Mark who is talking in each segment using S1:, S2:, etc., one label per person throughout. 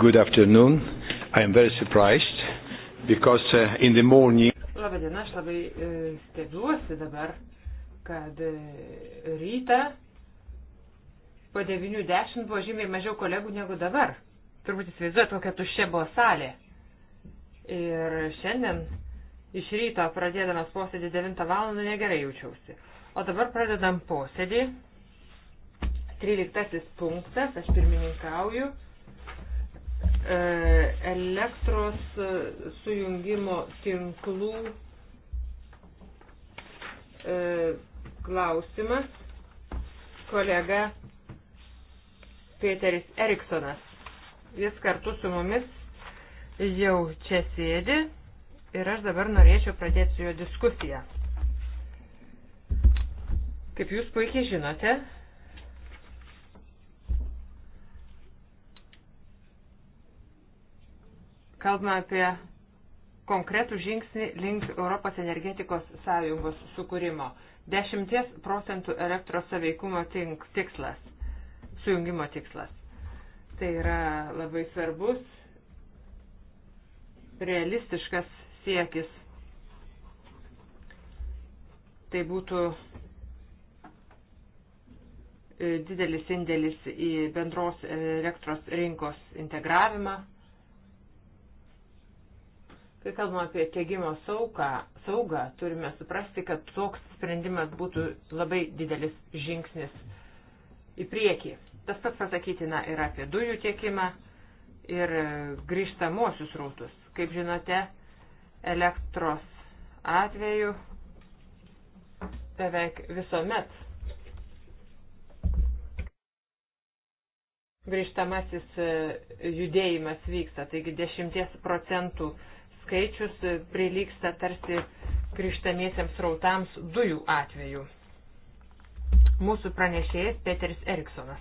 S1: Good afternoon. I am very surprised because uh, in the morning.
S2: Labą dieną, aš labai e, stebiuosi dabar, kad e, rytą po 9.10 buvo žymiai mažiau kolegų negu dabar. Turbūt įsivaizduojat, kokia tuščia buvo salė. Ir šiandien iš ryto pradėdamas posėdį 9 val. negerai jaučiausi. O dabar pradedam posėdį. 13 punktas, aš pirmininkauju. E, elektros e, sujungimo tinklų e, klausimas kolega Peteris Eriksonas. Jis kartu su mumis jau čia sėdi ir aš dabar norėčiau pradėti su jo diskusiją. Kaip jūs puikiai žinote, Kalbame apie konkretų žingsnį link Europos energetikos sąjungos sukūrimo. 10 procentų elektros saveikumo tikslas, sujungimo tikslas. Tai yra labai svarbus, realistiškas siekis. Tai būtų e, didelis indėlis į bendros elektros rinkos integravimą Kai kalbame apie tiegimo saugą, saugą, turime suprasti, kad toks sprendimas būtų labai didelis žingsnis į priekį. Tas pats pasakytina ir apie dujų tiekimą ir grįžtamuosius rautus. Kaip žinote, elektros atveju beveik visuomet grįžtamasis judėjimas vyksta, taigi 10 procentų skaičius prilyksta tarsi grįžtamiesiems rautams dujų atveju. Mūsų pranešėjas Peteris Eriksonas.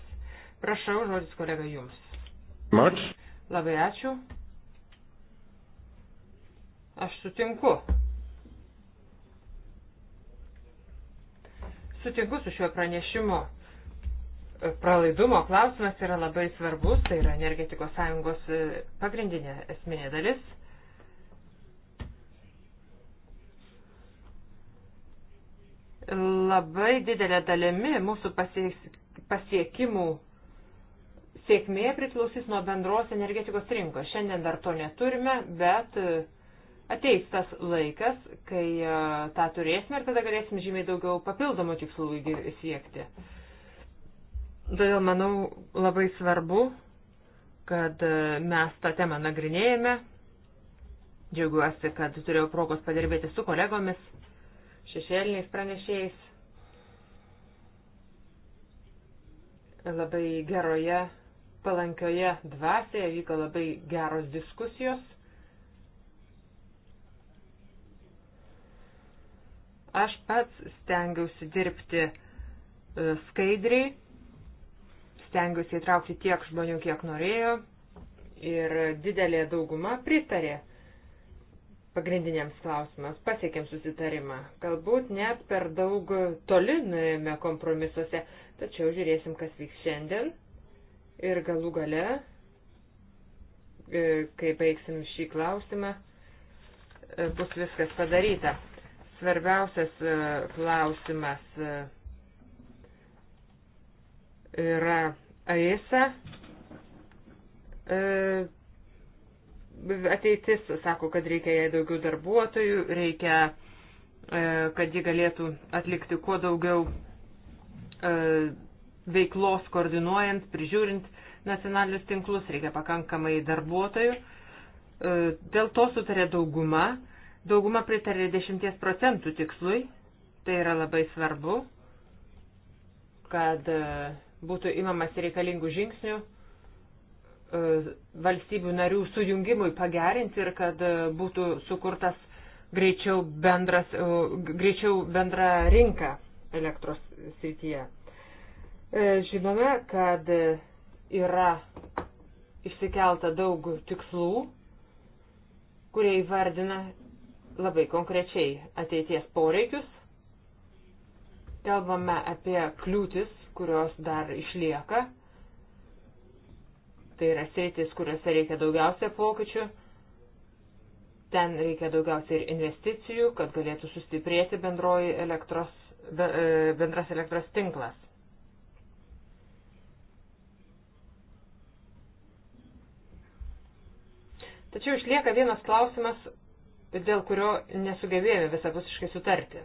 S2: Prašau, žodis kolega jums. Much. Labai ačiū. Aš sutinku. Sutinku su šiuo pranešimu. Pralaidumo klausimas yra labai svarbus, tai yra energetikos sąjungos pagrindinė esminė dalis labai didelė dalimi mūsų pasiekimų sėkmė priklausys nuo bendros energetikos rinkos. Šiandien dar to neturime, bet e, ateis tas laikas, kai e, tą turėsime ir tada galėsim žymiai daugiau papildomų tikslų siekti. Todėl manau labai svarbu, kad e, mes tą temą nagrinėjame. Džiaugiuosi, kad turėjau progos padirbėti su kolegomis, šešėliniais pranešėjais labai geroje, palankioje dvasėje, vyko labai geros diskusijos. Aš pats stengiausi dirbti e, skaidriai, stengiausi įtraukti tiek žmonių, kiek norėjau ir didelė dauguma pritarė pagrindiniams klausimams, pasiekėm susitarimą. Galbūt net per daug toli nuėjome kompromisuose, Tačiau žiūrėsim, kas vyks šiandien ir galų gale, e, kai baigsim šį klausimą, e, bus viskas padaryta. Svarbiausias e, klausimas yra AISA ateitis, sako, kad reikia jai daugiau darbuotojų, reikia, kad ji galėtų atlikti kuo daugiau E, veiklos koordinuojant, prižiūrint nacionalinius tinklus, reikia pakankamai darbuotojų. E, dėl to sutarė dauguma. Dauguma pritarė 10 procentų tikslui. Tai yra labai svarbu, kad e, būtų imamas reikalingų žingsnių valstybių narių sujungimui pagerinti ir kad būtų sukurtas greičiau, bendras, greičiau bendra rinka elektros srityje. E, žinome, kad yra išsikelta daug tikslų, kurie įvardina labai konkrečiai ateities poreikius. Kalbame apie kliūtis, kurios dar išlieka. Tai yra sritis, kuriuose reikia daugiausia pokyčių. Ten reikia daugiausia ir investicijų, kad galėtų sustiprėti bendroji elektros E, bendras elektros tinklas. Tačiau išlieka vienas klausimas, dėl kurio nesugebėjome visapusiškai sutarti.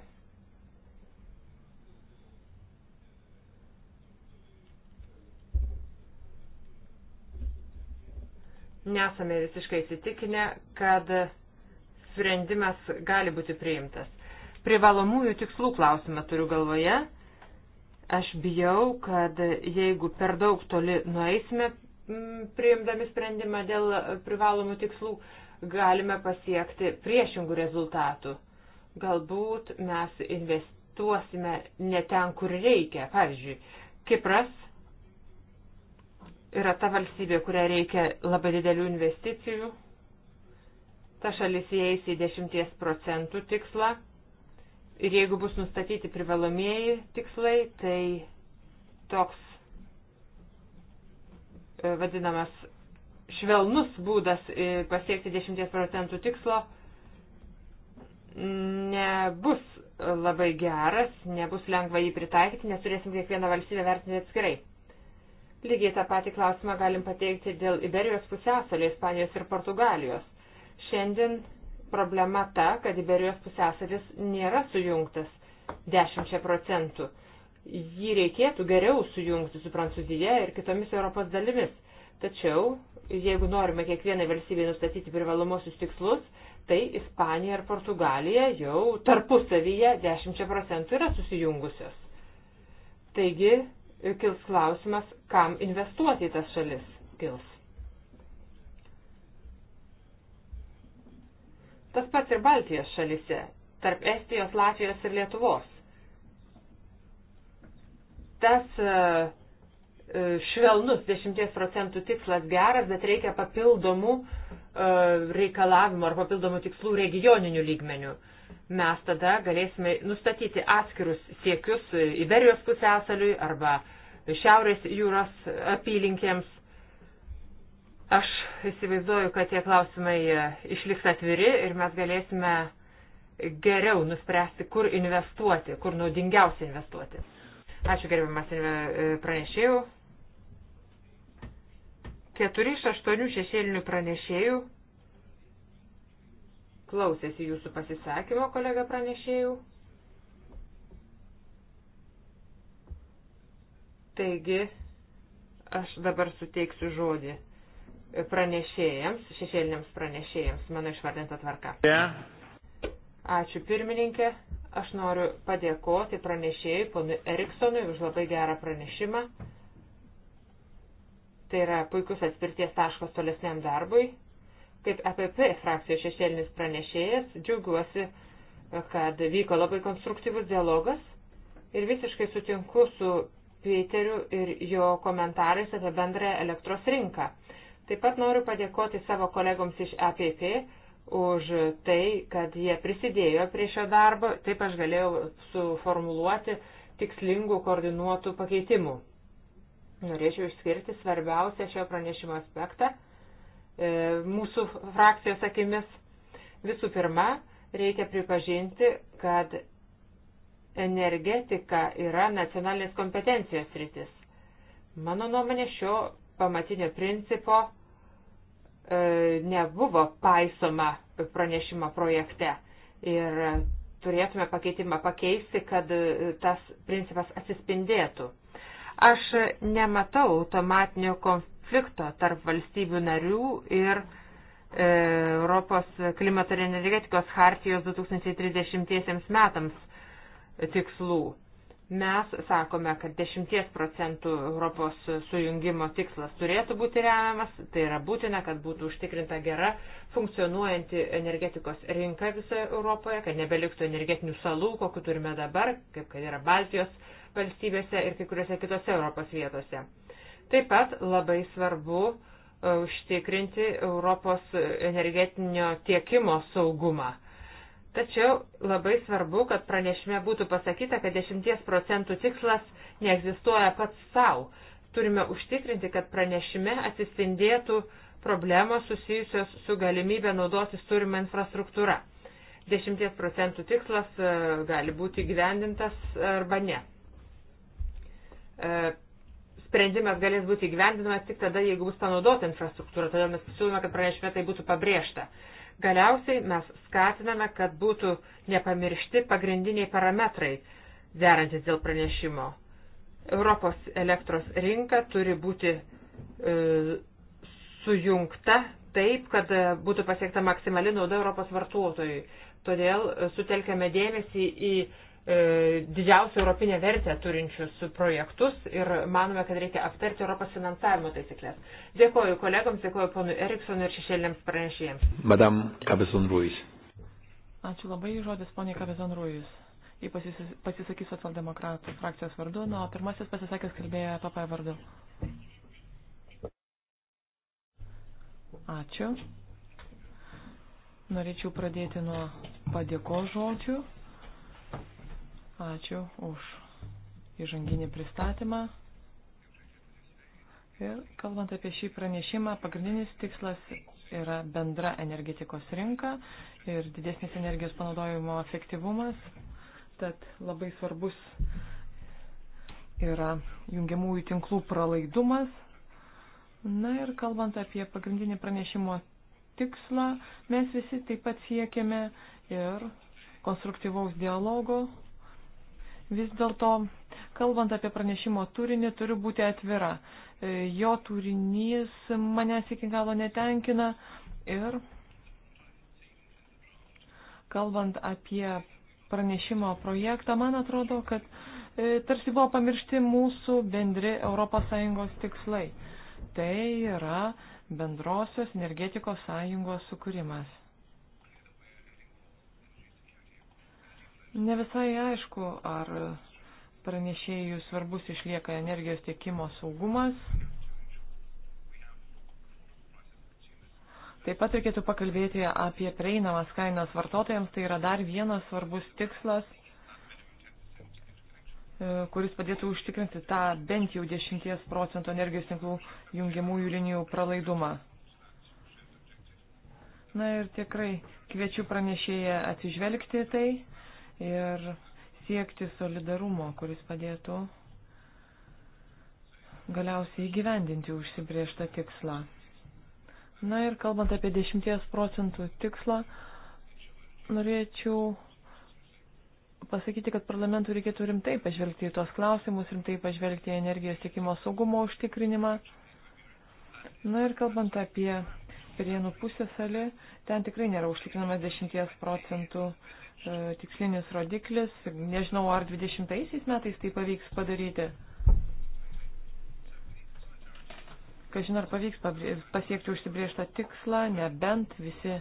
S2: Nesame visiškai įsitikinę, kad sprendimas gali būti priimtas privalomųjų tikslų klausimą turiu galvoje. Aš bijau, kad jeigu per daug toli nueisime mm, priimdami sprendimą dėl privalomų tikslų, galime pasiekti priešingų rezultatų. Galbūt mes investuosime ne ten, kur reikia. Pavyzdžiui, Kipras yra ta valstybė, kuria reikia labai didelių investicijų. Ta šalis įeis į 10 procentų tikslą Ir jeigu bus nustatyti privalomieji tikslai, tai toks e, vadinamas švelnus būdas e, pasiekti 10 procentų tikslo nebus labai geras, nebus lengva jį pritaikyti, nes turėsim kiekvieną valstybę vertinti atskirai. Lygiai tą patį klausimą galim pateikti dėl Iberijos pusiasalio, Ispanijos ir Portugalijos. Šiandien problema ta, kad Iberijos pusėsalis nėra sujungtas 10 procentų. Jį reikėtų geriau sujungti su Prancūzija ir kitomis Europos dalimis. Tačiau, jeigu norime kiekvienai valstybei nustatyti privalomosius tikslus, tai Ispanija ir Portugalija jau tarpusavyje 10 procentų yra susijungusios. Taigi, kils klausimas, kam investuoti į tas šalis kils. Tas pats ir Baltijos šalise, tarp Estijos, Latvijos ir Lietuvos. Tas e, e, švelnus 10 procentų tikslas geras, bet reikia papildomų e, reikalavimų ar papildomų tikslų regioninių lygmenių. Mes tada galėsime nustatyti atskirus siekius Iberijos pusėsaliui arba Šiaurės jūros apylinkėms Aš įsivaizduoju, kad tie klausimai e, išliks atviri ir mes galėsime geriau nuspręsti, kur investuoti, kur naudingiausia investuoti. Ačiū gerbiamas e, e, pranešėjų. Keturi iš aštuonių šešėlinių pranešėjų klausėsi jūsų pasisakymo, kolega pranešėjų. Taigi, aš dabar suteiksiu žodį pranešėjams, šešėliniams pranešėjams, mano išvardinta tvarka. Yeah. Ačiū pirmininkė. Aš noriu padėkoti pranešėjai ponui Eriksonui už labai gerą pranešimą. Tai yra puikus atspirties taškas tolesniam darbui. Kaip APP e frakcijos šešėlinis pranešėjas, džiaugiuosi, kad vyko labai konstruktyvus dialogas ir visiškai sutinku su Pieteriu ir jo komentarais apie bendrąją elektros rinką. Taip pat noriu padėkoti savo kolegoms iš EPP už tai, kad jie prisidėjo prie šio darbo, taip aš galėjau suformuluoti tikslingų koordinuotų pakeitimų. Norėčiau išskirti svarbiausią šio pranešimo aspektą e, mūsų frakcijos akimis. Visų pirma, reikia pripažinti, kad energetika yra nacionalinės kompetencijos rytis. Mano nuomonė šio pamatinio principo E, nebuvo paisoma pranešimo projekte. Ir turėtume pakeitimą pakeisti, kad e, tas principas atsispindėtų. Aš nematau automatinio konflikto tarp valstybių narių ir e, Europos klimato ir energetikos hartijos 2030 metams tikslų. Mes sakome, kad 10 procentų Europos sujungimo tikslas turėtų būti remiamas, tai yra būtina, kad būtų užtikrinta gera funkcionuojanti energetikos rinka visoje Europoje, kad nebeliktų energetinių salų, kokiu turime dabar, kaip kad yra Baltijos valstybėse ir kai kuriuose kitose Europos vietose. Taip pat labai svarbu e, užtikrinti Europos energetinio tiekimo saugumą Tačiau labai svarbu, kad pranešime būtų pasakyta, kad 10 procentų tikslas neegzistuoja pats savo. Turime užtikrinti, kad pranešime atsispindėtų problemos susijusios su galimybė naudotis turimą infrastruktūrą. 10 procentų tikslas e, gali būti gyvendintas arba ne. E, sprendimas galės būti gyvendinamas tik tada, jeigu bus panaudota infrastruktūra, todėl mes siūlome, kad pranešime tai būtų pabrėžta. Galiausiai mes skatiname, kad būtų nepamiršti pagrindiniai parametrai derantis dėl pranešimo. Europos elektros rinka turi būti e, sujungta taip, kad e, būtų pasiekta maksimali nauda Europos vartotojui. Todėl e, sutelkiame dėmesį į E, didžiausią europinę vertę turinčius projektus ir manome, kad reikia aptarti Europos finansavimo taisyklės. Dėkoju kolegams, dėkoju ponui Eriksonui ir šešėlėms pranešėjams.
S1: Madam Kabezon Ruiz.
S2: Ačiū labai, žodis poniai Kabezon Ruiz. Jį
S3: pasisakys socialdemokratų frakcijos vardu, na, o pirmasis pasisakęs kalbėjo PP vardu. Ačiū. Norėčiau pradėti nuo padėko žodžių Ačiū už įžanginį pristatymą. Ir kalbant apie šį pranešimą, pagrindinis tikslas yra bendra energetikos rinka ir didesnis energijos panaudojimo efektyvumas. Tad labai svarbus yra jungiamųjų tinklų pralaidumas. Na ir kalbant apie pagrindinį pranešimo tikslą, mes visi taip pat siekiame ir konstruktyvaus dialogo Vis dėlto, kalbant apie pranešimo turinį, turiu būti atvira. E, jo turinys manęs iki galo netenkina ir kalbant apie pranešimo projektą, man atrodo, kad e, tarsi buvo pamiršti mūsų bendri ES tikslai. Tai yra bendrosios energetikos sąjungos sukūrimas. Ne visai aišku, ar pranešėjų svarbus išlieka energijos tiekimo saugumas. Taip pat reikėtų pakalbėti apie prieinamas kainas vartotojams. Tai yra dar vienas svarbus tikslas, e, kuris padėtų užtikrinti tą bent jau 10 procentų energijos tinklų jungiamųjų linijų pralaidumą. Na ir tikrai kviečiu pranešėją atsižvelgti tai ir siekti solidarumo, kuris padėtų galiausiai įgyvendinti užsibriežtą tikslą. Na ir kalbant apie 10 procentų tikslą, norėčiau pasakyti, kad parlamentui reikėtų rimtai pažvelgti į tos klausimus, rimtai pažvelgti į energijos tiekimo saugumo užtikrinimą. Na ir kalbant apie Pirienų pusėsalį, ten tikrai nėra užtikrinamas 10 procentų e, tikslinis rodiklis. Nežinau, ar 20 metais tai pavyks padaryti. Kažin ar pavyks pasiekti užsibriežtą tikslą, nebent visi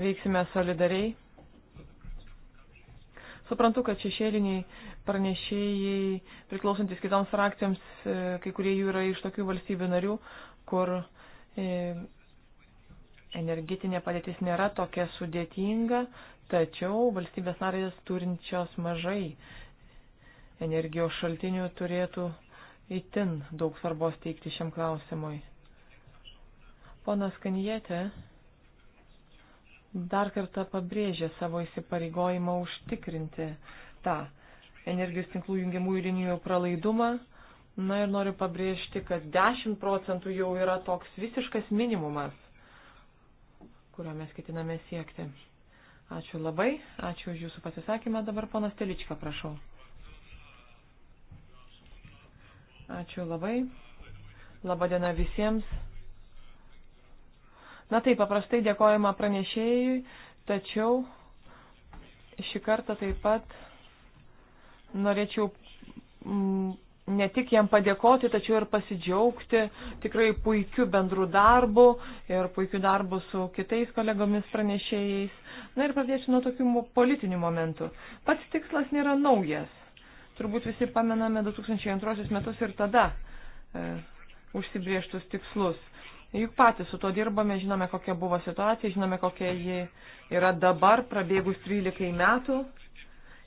S3: veiksime solidariai. Suprantu, kad šešėliniai pranešėjai, priklausantis kitoms frakcijoms, e, kai kurie jų yra iš tokių valstybių narių, kur e, Energetinė padėtis nėra tokia sudėtinga, tačiau valstybės narės turinčios mažai energijos šaltinių turėtų įtin daug svarbos teikti šiam klausimui. Ponas Kanijete dar kartą pabrėžė savo įsipareigojimą užtikrinti tą energijos tinklų jungiamųjų linijų pralaidumą. Na ir noriu pabrėžti, kad 10 procentų jau yra toks visiškas minimumas kurio mes ketiname siekti. Ačiū labai, ačiū už Jūsų pasisakymą. Dabar ponas Teličką, prašau. Ačiū labai. Labadiena visiems. Na taip, paprastai dėkojama pranešėjui, tačiau šį kartą taip pat norėčiau mm, ne tik jam padėkoti, tačiau ir pasidžiaugti tikrai puikiu bendru darbu ir puikiu darbu su kitais kolegomis pranešėjais. Na ir pradėsiu nuo tokių politinių momentų. Pats tikslas nėra naujas. Turbūt visi pamename 2002 metus ir tada e, užsibrieštus tikslus. Juk patys su to dirbame, žinome, kokia buvo situacija, žinome, kokia ji yra dabar, prabėgus 13 metų.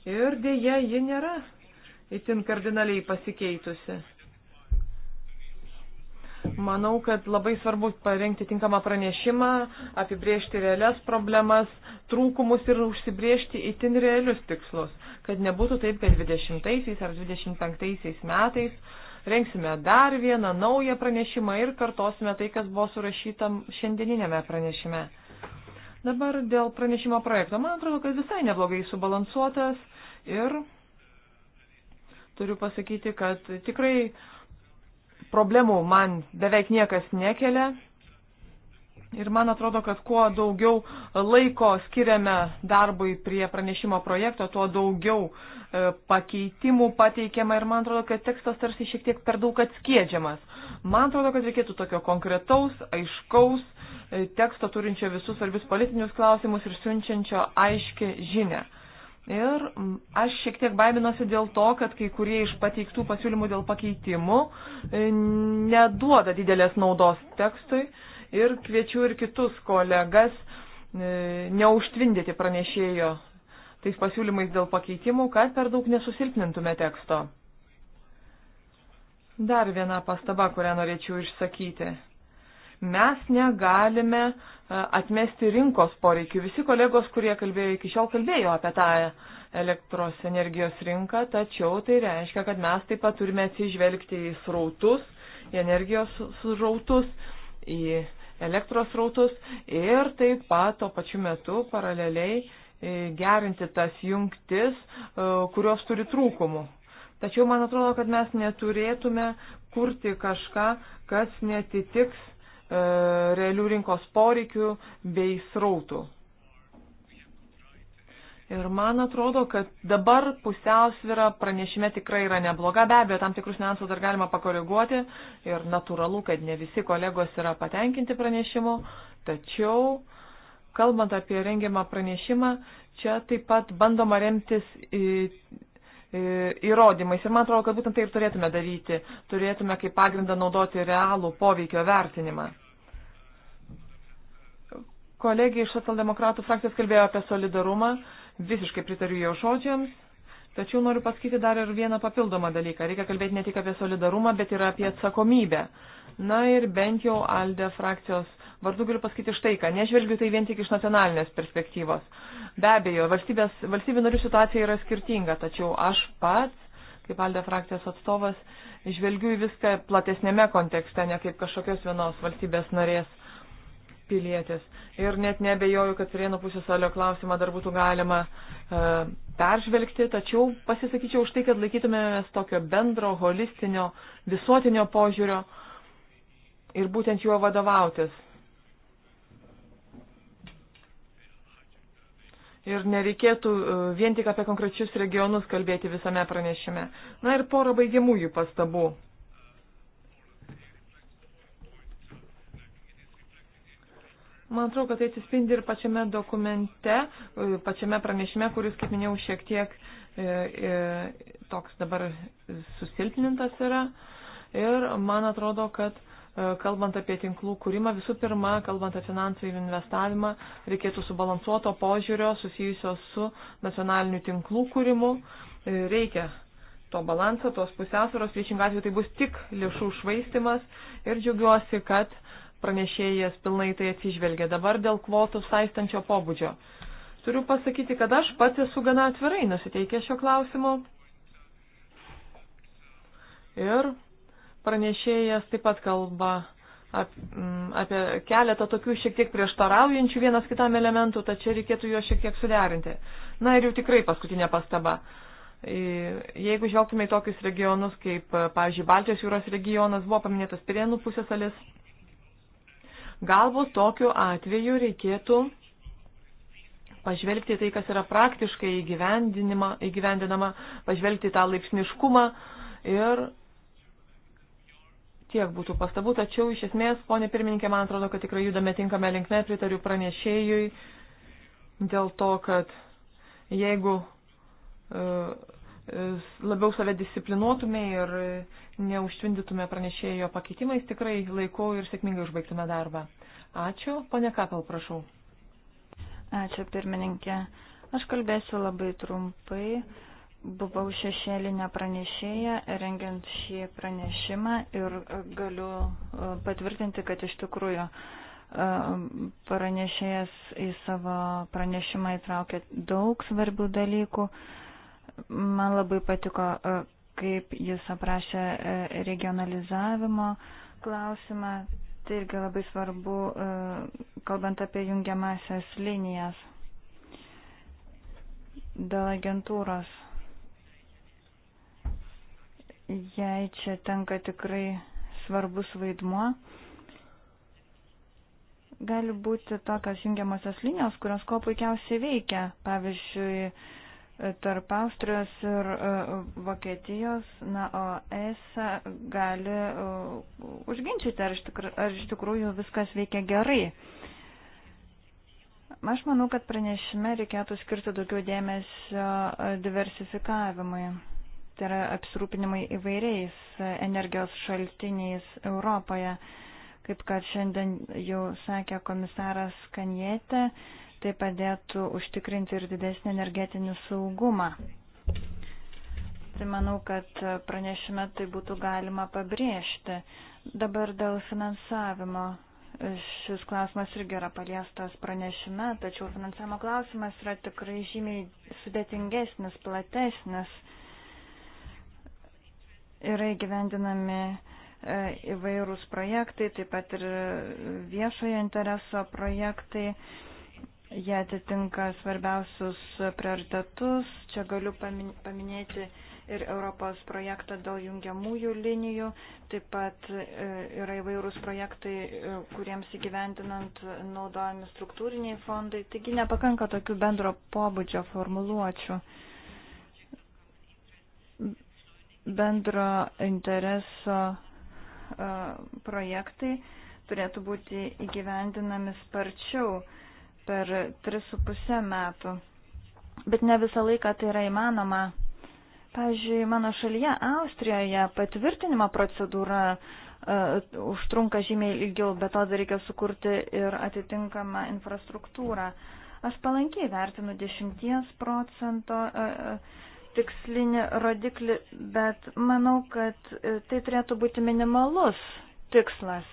S3: Ir dėja, ji nėra itin kardinaliai pasikeitusi. Manau, kad labai svarbu parengti tinkamą pranešimą, apibriežti realias problemas, trūkumus ir užsibriežti itin realius tikslus, kad nebūtų taip, kad 20 ar 25 metais rengsime dar vieną naują pranešimą ir kartosime tai, kas buvo surašyta šiandieninėme pranešime. Dabar dėl pranešimo projekto. Man atrodo, kad visai neblogai subalansuotas ir turiu pasakyti, kad tikrai problemų man beveik niekas nekelia. Ir man atrodo, kad kuo daugiau laiko skiriame darbui prie pranešimo projekto, tuo daugiau e, pakeitimų pateikiama ir man atrodo, kad tekstas tarsi šiek tiek per daug atskiedžiamas. Man atrodo, kad reikėtų tokio konkretaus, aiškaus e, teksto turinčio visus svarbius politinius klausimus ir siunčiančio aiškę žinę. Ir aš šiek tiek baiminosi dėl to, kad kai kurie iš pateiktų pasiūlymų dėl pakeitimų e, neduoda didelės naudos tekstui ir kviečiu ir kitus kolegas e, neužtvindyti pranešėjo tais pasiūlymais dėl pakeitimų, kad per daug nesusilpnintume teksto. Dar viena pastaba, kurią norėčiau išsakyti. Mes negalime e, atmesti rinkos poreikių. Visi kolegos, kurie kalbėjo iki šiol, kalbėjo apie tą elektros energijos rinką, tačiau tai reiškia, kad mes taip pat turime atsižvelgti į srautus, į energijos srautus, į elektros srautus ir taip pat tuo pačiu metu paraleliai e, gerinti tas jungtis, e, kurios turi trūkumų. Tačiau man atrodo, kad mes neturėtume kurti kažką, kas netitiks E, realių rinkos poreikių bei srautų. Ir man atrodo, kad dabar pusiausvyrą pranešime tikrai yra nebloga, be abejo, tam tikrus niuansus dar galima pakoreguoti ir natūralu, kad ne visi kolegos yra patenkinti pranešimu, tačiau, kalbant apie rengiamą pranešimą, čia taip pat bandoma remtis į, į, įrodymais ir man atrodo, kad būtent tai ir turėtume daryti, turėtume kaip pagrindą naudoti realų poveikio vertinimą. Kolegija iš socialdemokratų frakcijos kalbėjo apie solidarumą, visiškai pritariu jo žodžiams, tačiau noriu pasakyti dar ir vieną papildomą dalyką. Reikia kalbėti ne tik apie solidarumą, bet ir apie atsakomybę. Na ir bent jau Alde frakcijos vardu galiu pasakyti štai ką, nežvelgiu tai vien tik iš nacionalinės perspektyvos. Be abejo, valstybės, valstybių narių situacija yra skirtinga, tačiau aš pats, kaip Alde frakcijos atstovas, žvelgiu į viską platesnėme kontekste, ne kaip kažkokios vienos valstybės narės pilietis. Ir net nebejoju, kad Sirėnų pusėsalio klausimą dar būtų galima e, peržvelgti, tačiau pasisakyčiau už tai, kad laikytumėmės tokio bendro, holistinio, visuotinio požiūrio ir būtent juo vadovautis. Ir nereikėtų e, vien tik apie konkrečius regionus kalbėti visame pranešime. Na ir porą baigiamųjų pastabų. Man atrodo, kad tai atsispindi ir pačiame dokumente, e, pačiame pranešime, kuris, kaip minėjau, šiek tiek e, e, toks dabar susilpnintas yra. Ir man atrodo, kad e, kalbant apie tinklų kūrimą, visų pirma, kalbant apie finansų ir investavimą, reikėtų subalansuoto požiūrio susijusio su nacionaliniu tinklų kūrimu. E, reikia to balanso, tos pusiausvėros, priešingai atveju tai bus tik lėšų švaistimas. Ir džiaugiuosi, kad e, pranešėjas pilnai tai atsižvelgia. Dabar dėl kvotų saistančio pobūdžio. Turiu pasakyti, kad aš pats esu gana atvirai nusiteikę šio klausimo. Ir pranešėjas taip pat kalba apie keletą tokių šiek tiek prieštaraujančių vienas kitam elementų, tačiau reikėtų juos šiek tiek suderinti. Na ir jau tikrai paskutinė pastaba. Jeigu žvelgtume į tokius regionus kaip, pavyzdžiui, Baltijos jūros regionas, buvo paminėtas Pirėnų pusėsalis, Galbūt tokiu atveju reikėtų pažvelgti tai, kas yra praktiškai įgyvendinama, pažvelgti tą laipsniškumą ir tiek būtų pastabų, tačiau iš esmės, ponė pirmininkė, man atrodo, kad tikrai judame tinkame linkme, pritariu pranešėjui dėl to, kad jeigu uh, labiau save disciplinuotume ir neužtvindytume pranešėjo pakeitimais, tikrai
S1: laiku ir sėkmingai užbaigtume darbą. Ačiū. Pone Kapel, prašau. Ačiū, pirmininkė. Aš kalbėsiu labai trumpai. Buvau šešėlinė pranešėja, rengiant šį pranešimą ir galiu e, patvirtinti, kad iš tikrųjų e, pranešėjas į savo pranešimą įtraukė daug svarbių dalykų. Man labai patiko, e, kaip jis aprašė e, regionalizavimo klausimą. Tai irgi labai svarbu, e, kalbant apie jungiamasias linijas dėl agentūros. Jei čia tenka tikrai svarbus vaidmuo, gali būti tokios jungiamosios linijos, kurios ko puikiausiai veikia. Pavyzdžiui, tarp Austrijos ir e, Vokietijos, na, o ESA gali e, užginčyti, ar iš, tikrų, ar iš tikrųjų viskas veikia gerai. Aš manau, kad pranešime reikėtų skirti daugiau dėmesio e, diversifikavimui, tai yra apsirūpinimai įvairiais energijos šaltiniais Europoje, kaip kad šiandien jau sakė komisaras Kanjete Tai padėtų užtikrinti ir didesnį energetinį saugumą. Tai manau, kad pranešime tai būtų galima pabrėžti. Dabar dėl finansavimo. Šis klausimas irgi yra paliestas pranešime, tačiau finansavimo klausimas yra tikrai žymiai sudėtingesnis, platesnis yra įgyvendinami e, įvairūs projektai, taip pat ir viešojo intereso projektai. Jie atitinka svarbiausius prioritetus. Čia galiu paminėti ir Europos projektą dėl jungiamųjų linijų. Taip pat e, yra įvairūs projektai, e, kuriems įgyvendinant naudojami struktūriniai fondai. Taigi nepakanka tokių bendro pobūdžio formuluočių. Bendro intereso e, projektai turėtų būti įgyvendinami sparčiau per 3,5 metų. Bet ne visą laiką tai yra įmanoma. Pavyzdžiui, mano šalyje, Austrijoje, patvirtinimo procedūra uh, užtrunka žymiai ilgiau, bet to dar reikia sukurti ir atitinkamą infrastruktūrą. Aš palankiai vertinu 10 procento uh, uh, tikslinį rodiklį, bet manau, kad tai turėtų būti minimalus tikslas.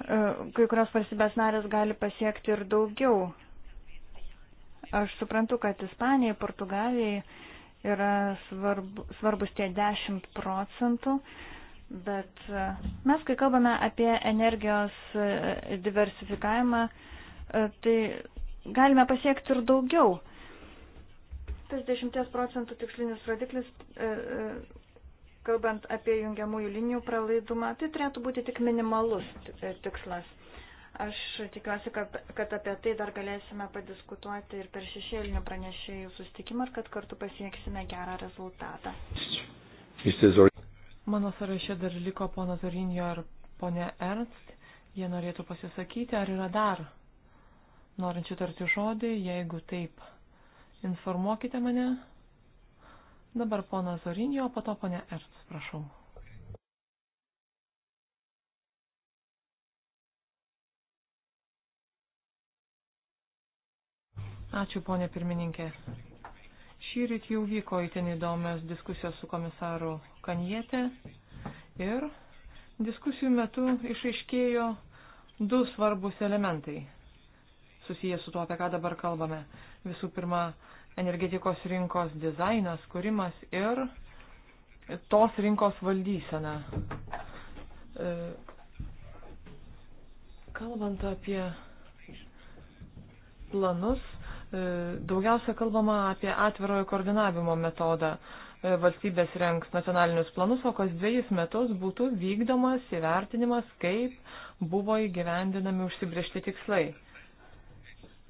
S1: E, kai kurios valstybės narės gali pasiekti ir daugiau. Aš suprantu, kad Ispanijai, Portugalijai yra svarbu, svarbus tie 10 procentų, bet e, mes, kai kalbame apie energijos e, diversifikavimą, tai galime pasiekti ir daugiau. Tas 10 procentų tikslinis rodiklis kalbant apie jungiamųjų linijų pralaidumą, tai turėtų būti tik minimalus e, tikslas. Aš tikiuosi, kad, kad apie tai dar galėsime padiskutuoti ir per šešėlinių pranešėjų sustikimą ir kad kartu pasieksime gerą rezultatą.
S3: Mano sąraše dar liko pono Zorinio ir ponė Ernst. Jie norėtų pasisakyti, ar yra dar norinčių tarti žodį, jeigu taip, informuokite mane. Dabar pona Zorinio, po to ponia Erts, prašau. Ačiū, ponė pirmininkė. Šįryt jau vyko įtin įdomios diskusijos su komisaru Kanjete ir diskusijų metu išaiškėjo du svarbus elementai susijęs su tuo, apie ką dabar kalbame. Visų pirma, energetikos rinkos dizainas, kūrimas ir tos rinkos valdysena. E, kalbant apie planus, e, daugiausia kalbama apie atvirojo koordinavimo metodą. E, valstybės renks nacionalinius planus, o kas dviejus metus būtų vykdomas įvertinimas, kaip buvo įgyvendinami užsibriežti tikslai.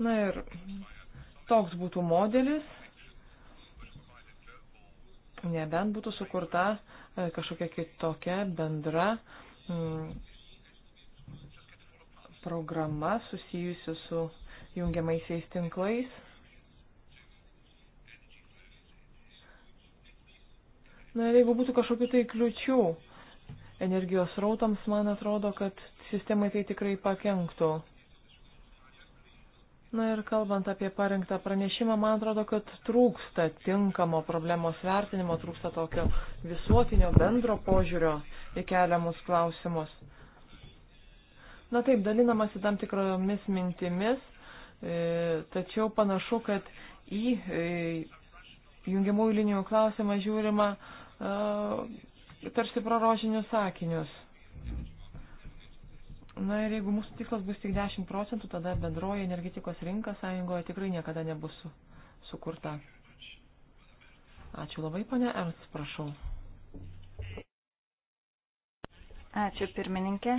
S3: Na ir Toks būtų modelis, nebent būtų sukurta e, kažkokia kitokia bendra mm, programa susijusi su jungiamaisiais tinklais. Na ir jeigu būtų kažkokių tai kliučių energijos rautams, man atrodo, kad sistemai tai tikrai pakenktų. Na ir kalbant apie parengtą pranešimą, man atrodo, kad trūksta tinkamo problemos vertinimo, trūksta tokio visuotinio bendro požiūrio į keliamus klausimus. Na taip, dalinamasi tam tikromis mintimis, e, tačiau panašu, kad į e, jungiamųjų linijų klausimą žiūrima e, tarsi prorožinius sakinius. Na ir jeigu mūsų tikslas bus tik 10 procentų, tada bendroji energetikos rinka sąjungoje tikrai niekada nebus su, sukurta. Ačiū labai, ponė Ernst, prašau.
S1: Ačiū pirmininkė,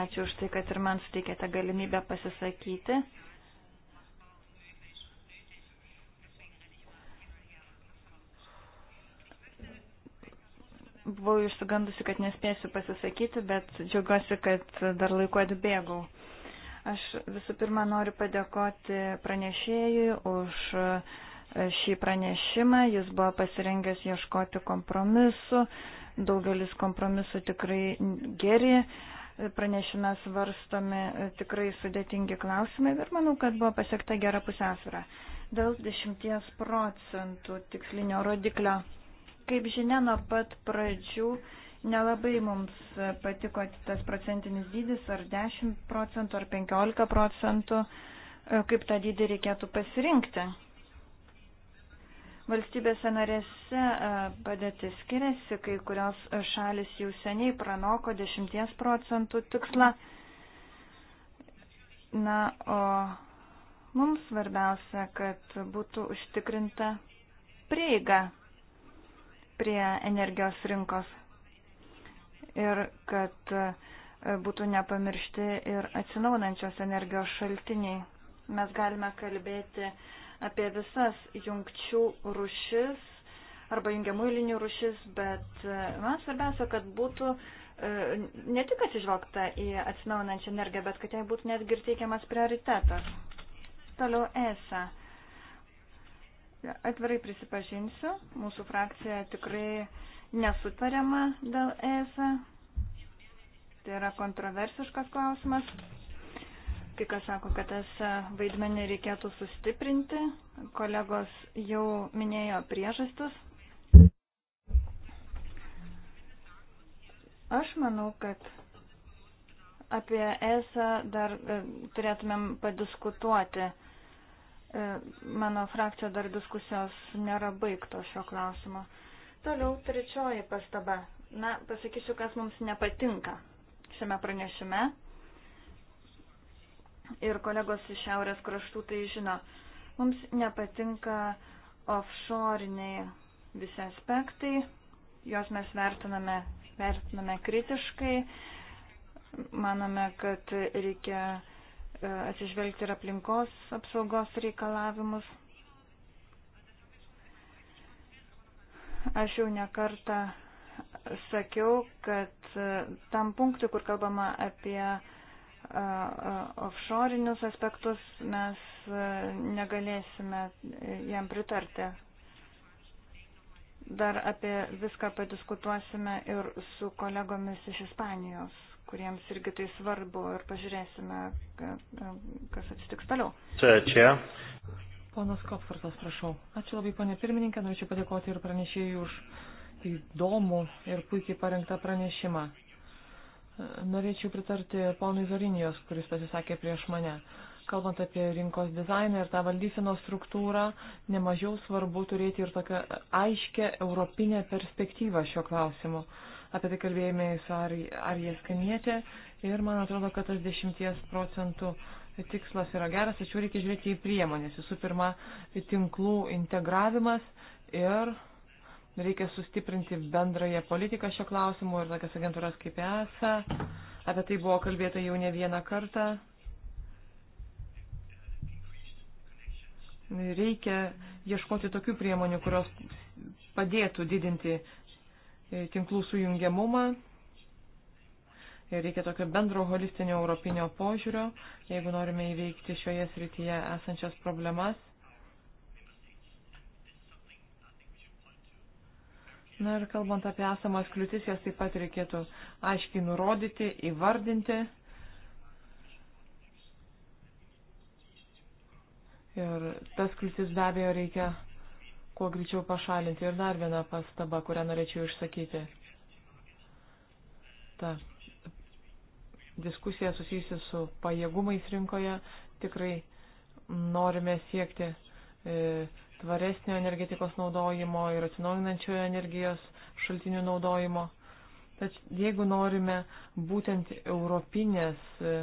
S1: ačiū už tai, kad ir man suteikėte galimybę pasisakyti. Buvau išsigandusi, kad nespėsiu pasisakyti, bet džiaugiuosi, kad dar laiku atbėgau. Aš visų pirma noriu padėkoti pranešėjui už e, šį pranešimą. Jis buvo pasirengęs ieškoti kompromisu. Daugelis kompromisų tikrai geri. Pranešime svarstomi e, tikrai sudėtingi klausimai ir manau, kad buvo pasiekta gera pusiausvyrą. Dėl 10 procentų tikslinio rodiklio Kaip žinia, nuo pat pradžių nelabai mums patiko tas procentinis dydis, ar 10 procentų, ar 15 procentų, e, kaip tą dydį reikėtų pasirinkti. Valstybėse narėse e, padėtis skiriasi, kai kurios šalis jau seniai pranoko 10 procentų tikslą. Na, o mums svarbiausia, kad būtų užtikrinta prieiga prie energijos rinkos ir kad e, būtų nepamiršti ir atsinaujančios energijos šaltiniai. Mes galime kalbėti apie visas jungčių rušis arba jungiamųjų linijų rušis, bet e, man svarbiausia, kad būtų e, ne tik atsižvelgta į atsinaujančią energiją, bet kad jai būtų netgi ir teikiamas prioritetas. Toliau ESA. Atvirai prisipažinsiu, mūsų frakcija tikrai nesutariama dėl ESA. Tai yra kontroversiškas klausimas. Kai kas sako, kad ESA vaidmenį reikėtų sustiprinti. Kolegos jau minėjo priežastus. Aš manau, kad apie ESA dar e, turėtumėm padiskutuoti E, mano frakcija dar diskusijos nėra baigto šio klausimo. Toliau trečioji pastaba. Na, pasakysiu, kas mums nepatinka šiame pranešime. Ir kolegos iš šiaurės kraštų tai žino. Mums nepatinka offshoriniai visi aspektai. Jos mes vertiname, vertiname kritiškai. Manome, kad reikia E, atsižvelgti ir aplinkos apsaugos reikalavimus. Aš jau nekartą sakiau, kad e, tam punktui, kur kalbama apie e, offshore'inius aspektus, mes negalėsime jam pritarti. Dar apie viską padiskutuosime ir su kolegomis iš Ispanijos kuriems irgi tai svarbu ir pažiūrėsime, kas atsitiks toliau. Čia, čia. Ponas
S3: Kopfartas, prašau. Ačiū labai, ponė pirmininkė, norėčiau
S1: padėkoti ir pranešėjai už
S3: įdomų ir puikiai parengtą pranešimą. Norėčiau pritarti ponui Zorinijos, kuris pasisakė prieš mane. Kalbant apie rinkos dizainą ir tą valdysenos struktūrą, nemažiau svarbu turėti ir tokią aiškę europinę perspektyvą šio klausimu apie tai kalbėjome su ar, ar jie skanietė ir man atrodo, kad tas 10 procentų tikslas yra geras, tačiau reikia žiūrėti į priemonės. Visų pirma, tinklų integravimas ir reikia sustiprinti bendrąją politiką šio klausimu ir tokias agentūras kaip ESA. Apie tai buvo kalbėta jau ne vieną kartą. Reikia ieškoti tokių priemonių, kurios padėtų didinti E, tinklų sujungiamumą. Ir reikia tokio bendro holistinio europinio požiūrio, jeigu norime įveikti šioje srityje esančias problemas. Na ir kalbant apie esamas kliūtis, jas taip pat reikėtų aiškiai nurodyti, įvardinti. Ir tas kliūtis be abejo reikia kuo greičiau pašalinti. Ir dar viena pastaba, kurią norėčiau išsakyti. Ta diskusija susijusi su pajėgumais rinkoje. Tikrai norime siekti e, tvaresnio energetikos naudojimo ir atsinaujinančiojo energijos šaltinių naudojimo. Tačiau jeigu norime būtent europinės, e,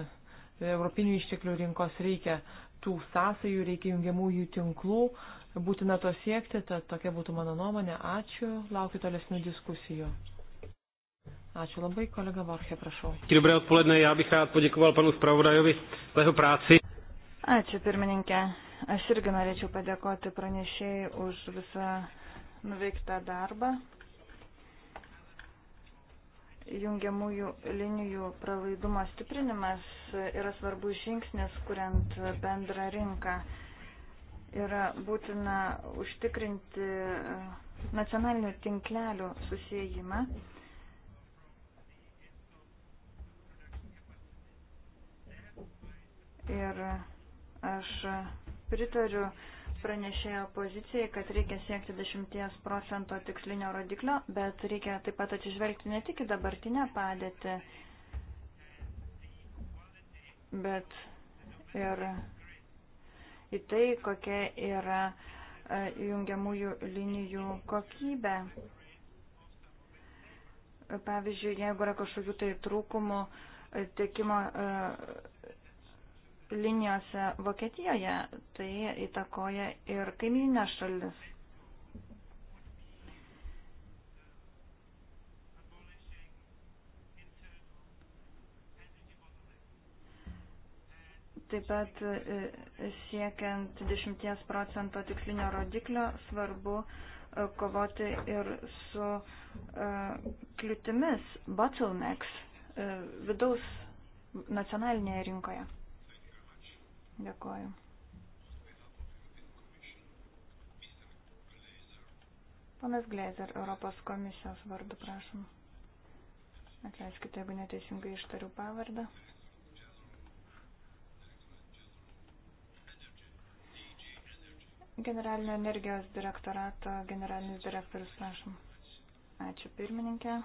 S3: europinių išteklių rinkos reikia tų sąsajų, reikia jungiamųjų tinklų, būtina to siekti, tad tokia būtų mano nuomonė. Ačiū, laukiu tolesnių diskusijų. Ačiū labai, kolega Varche, prašau.
S2: Dobré odpoledne, já bych rád poděkoval panu zpravodajovi za jeho práci.
S1: Ačiū, pirmininkė. Aš irgi norėčiau padėkoti pranešėjai už visą nuveiktą darbą. Jungiamųjų linijų pralaidumo stiprinimas yra svarbus žingsnis, kuriant bendrą rinką yra būtina užtikrinti e, nacionalinių tinklelių susijimą. Ir aš pritariu pranešėjo pozicijai, kad reikia siekti 10 procento tikslinio rodiklio, bet reikia taip pat atsižvelgti ne tik į dabartinę padėtį, bet ir į tai, kokia yra e, jungiamųjų linijų kokybė. Pavyzdžiui, jeigu yra kažkokių tai trūkumų e, tiekimo e, linijose Vokietijoje, tai įtakoja ir kaiminė šalis. Taip pat e, siekiant 10 procento tikslinio rodiklio svarbu e, kovoti ir su e, kliūtimis, bottlenecks vidaus nacionalinėje rinkoje. Dėkuoju. Panas Gleiser, Europos komisijos vardu, prašom. Atleiskite, jeigu neteisingai ištariu pavardą. Generalinio energijos direktorato generalinis direktorius, prašom. Ačiū pirmininkė.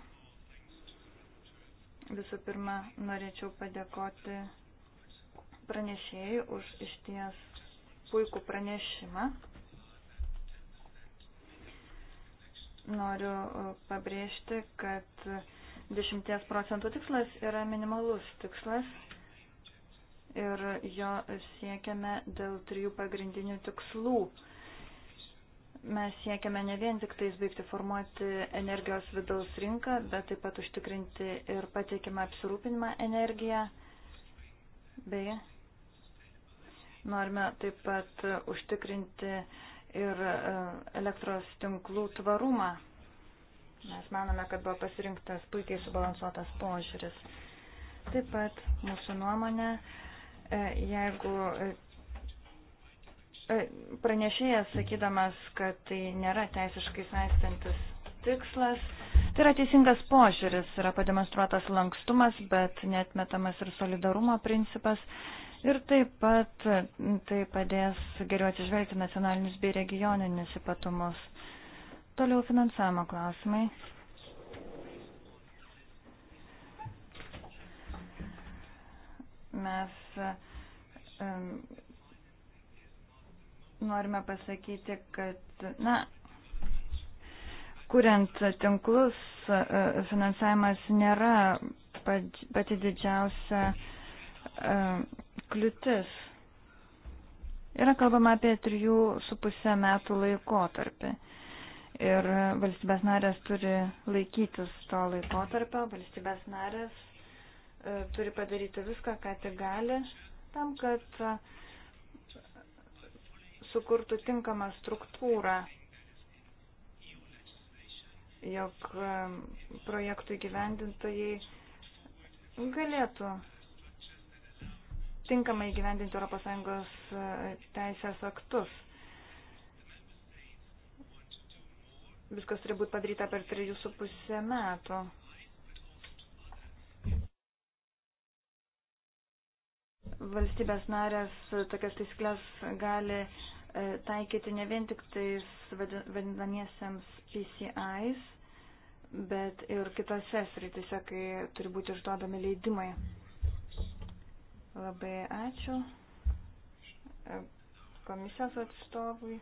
S1: Visų pirma, norėčiau padėkoti pranešėjai už išties puikų pranešimą. Noriu e, pabrėžti, kad 10 procentų tikslas yra minimalus tikslas ir jo siekiame dėl trijų pagrindinių tikslų. Mes siekiame ne vien tik tais baigti formuoti energijos vidaus rinką, bet taip pat užtikrinti ir pateikimą apsirūpinimą energiją. Beje, norime taip pat užtikrinti ir e, elektros tinklų tvarumą. Mes manome, kad buvo pasirinktas puikiai subalansuotas požiūris. Taip pat mūsų nuomonė E, jeigu e, e, pranešėjas sakydamas, kad tai nėra teisiškai saistantis tikslas, tai yra teisingas požiūris, yra pademonstruotas lankstumas, bet netmetamas ir solidarumo principas. Ir taip pat tai padės geriau atsižvelgti nacionalinius bei regioninius ypatumus. Toliau finansavimo klausimai. Mes Um, norime pasakyti, kad, na, kuriant tinklus, uh, finansavimas nėra pati didžiausia um, kliūtis. Yra kalbama apie 3,5 metų laikotarpį. Ir valstybės narės turi laikytis to laikotarpio, valstybės narės E, turi padaryti viską, ką tik gali, tam, kad e, sukurtų tinkamą struktūrą, jog e, projektų įgyvendintojai galėtų tinkamai įgyvendinti ES teisės aktus. Viskas turi būti padaryta per 3,5 metų. valstybės narės tokias taisyklės gali e, taikyti ne vien tik tais vadinamiesiems PCIs, bet ir kitose sritise, kai turi būti išduodami leidimai. Labai ačiū e, komisijos atstovui.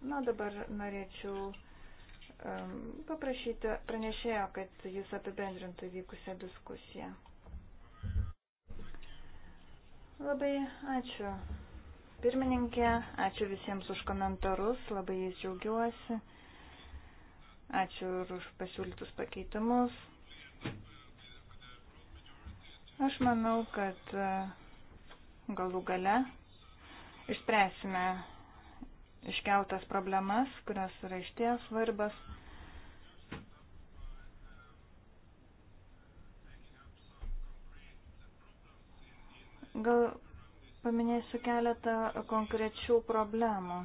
S1: Na, dabar norėčiau um, paprašyti pranešėjo, kad jis apibendrintų vykusią diskusiją. Labai ačiū. Pirmininkė, ačiū visiems už komentarus, labai jais džiaugiuosi. Ačiū ir už pasiūlytus pakeitimus. Aš manau, kad e, galų gale išspręsime iškeltas problemas, kurios yra išties svarbas. Gal paminėsiu keletą konkrečių problemų.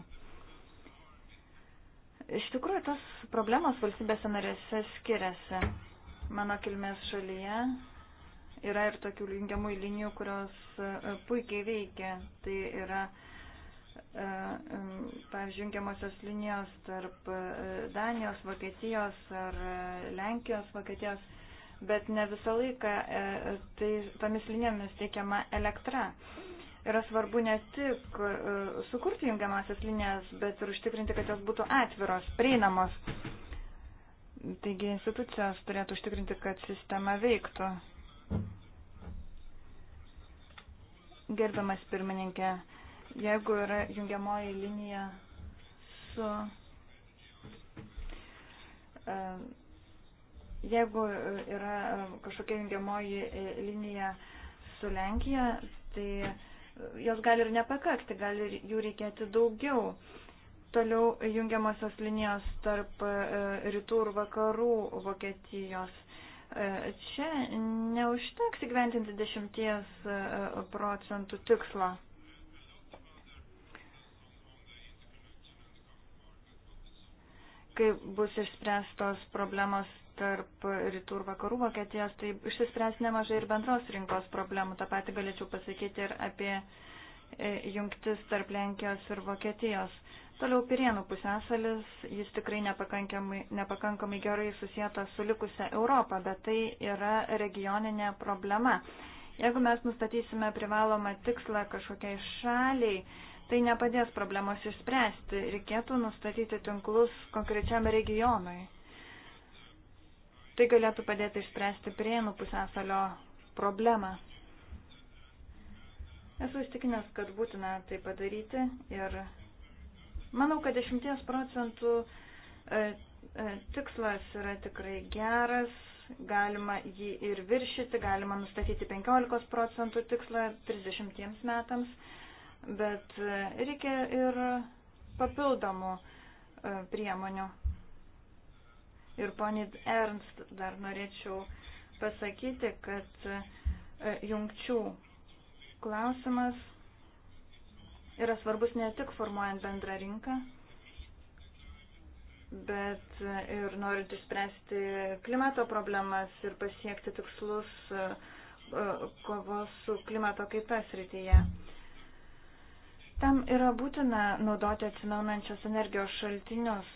S1: Iš tikrųjų, tos problemos valstybėse narėse skiriasi. Mano kilmės šalyje yra ir tokių jungiamų linijų, kurios e, puikiai veikia. Tai yra, e, e, pavyzdžiui, jungiamosios linijos tarp Danijos, Vokietijos ar Lenkijos, Vokietijos bet ne visą laiką e, tai, tomis linijomis teikiama elektra. Yra svarbu ne tik e, sukurti jungiamasias linijas, bet ir užtikrinti, kad jos būtų atviros, prieinamos. Taigi institucijos turėtų užtikrinti, kad sistema veiktų. Gerbiamas pirmininkė, jeigu yra jungiamoji linija su. Uh, Jeigu e, yra e, kažkokia jungiamoji e, linija su Lenkija, tai jos gali ir nepakakti, gali jų reikėti daugiau. Toliau jungiamosios linijos tarp rytų ir vakarų Vokietijos. Čia neužteks įgyventinti 10 procentų tikslą. Kai bus išspręstos problemos tarp rytų ir vakarų Vokietijos, tai išsispręs nemažai ir bendros rinkos problemų. Ta pati galėčiau pasakyti ir apie e, jungtis tarp Lenkijos ir Vokietijos. Toliau Pirienų pusėsalis, jis tikrai nepakankamai, nepakankamai gerai susijęta su likusia Europą, bet tai yra regioninė problema. Jeigu mes nustatysime privalomą tikslą kažkokiai šaliai, tai nepadės problemos išspręsti. Reikėtų nustatyti tinklus konkrečiam regionui. Tai galėtų padėti išspręsti prieinų pusęsalio problemą. Esu įstikinęs, kad būtina tai padaryti ir manau, kad 10 procentų e, e, tikslas yra tikrai geras, galima jį ir viršyti, galima nustatyti 15 procentų tikslą 30 metams, bet e, reikia ir papildomų priemonių. Ir ponit Ernst dar norėčiau pasakyti, kad e, jungčių klausimas yra svarbus ne tik formuojant bendrą rinką, bet e, ir norint išspręsti klimato problemas ir pasiekti tikslus e, kovos su klimato kaita srityje. Tam yra būtina naudoti atsinaujančios energijos šaltinius,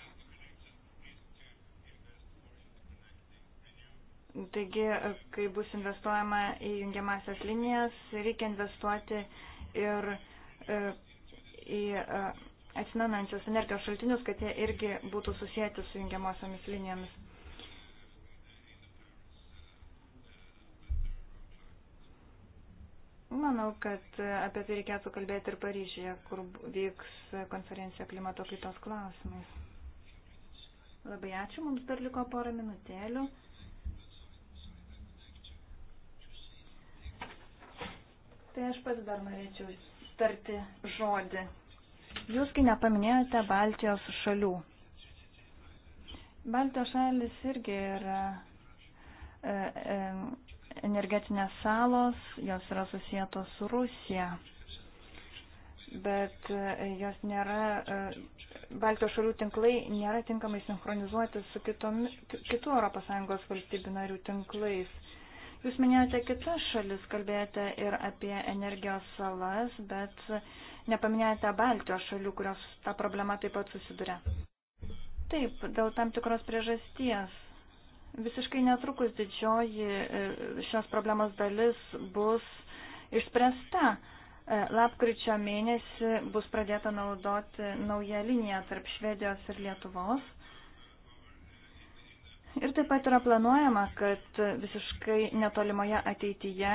S1: Taigi, kai bus investuojama į jungiamasias linijas, reikia investuoti ir e, į e, atsinaujančius energijos šaltinius, kad jie irgi būtų susijęti su jungiamosiomis linijomis. Manau, kad e, apie tai reikėtų kalbėti ir Paryžyje, kur vyks konferencija klimato kaitos klausimais. Labai ačiū, mums dar liko porą minutėlių. Tai aš pats dar norėčiau tarti žodį. Jūs kai nepaminėjote Baltijos šalių. Baltijos šalis irgi yra e, e, energetinės salos, jos yra susijętos su Rusija, bet e, jos nėra, e, Baltijos šalių tinklai nėra tinkamai sinchronizuoti su kitomi, kitų ES valstybių narių tinklais. E, Jūs minėjote kitas šalis, kalbėjote ir apie energijos salas, bet nepaminėjote Baltijos šalių, kurios tą problemą taip pat susiduria. Taip, dėl tam tikros priežasties. Visiškai netrukus didžioji e, šios problemos dalis bus išspręsta. E, lapkričio mėnesį bus pradėta naudoti nauja linija tarp Švedijos ir Lietuvos. Ir taip pat yra planuojama, kad visiškai netolimoje ateityje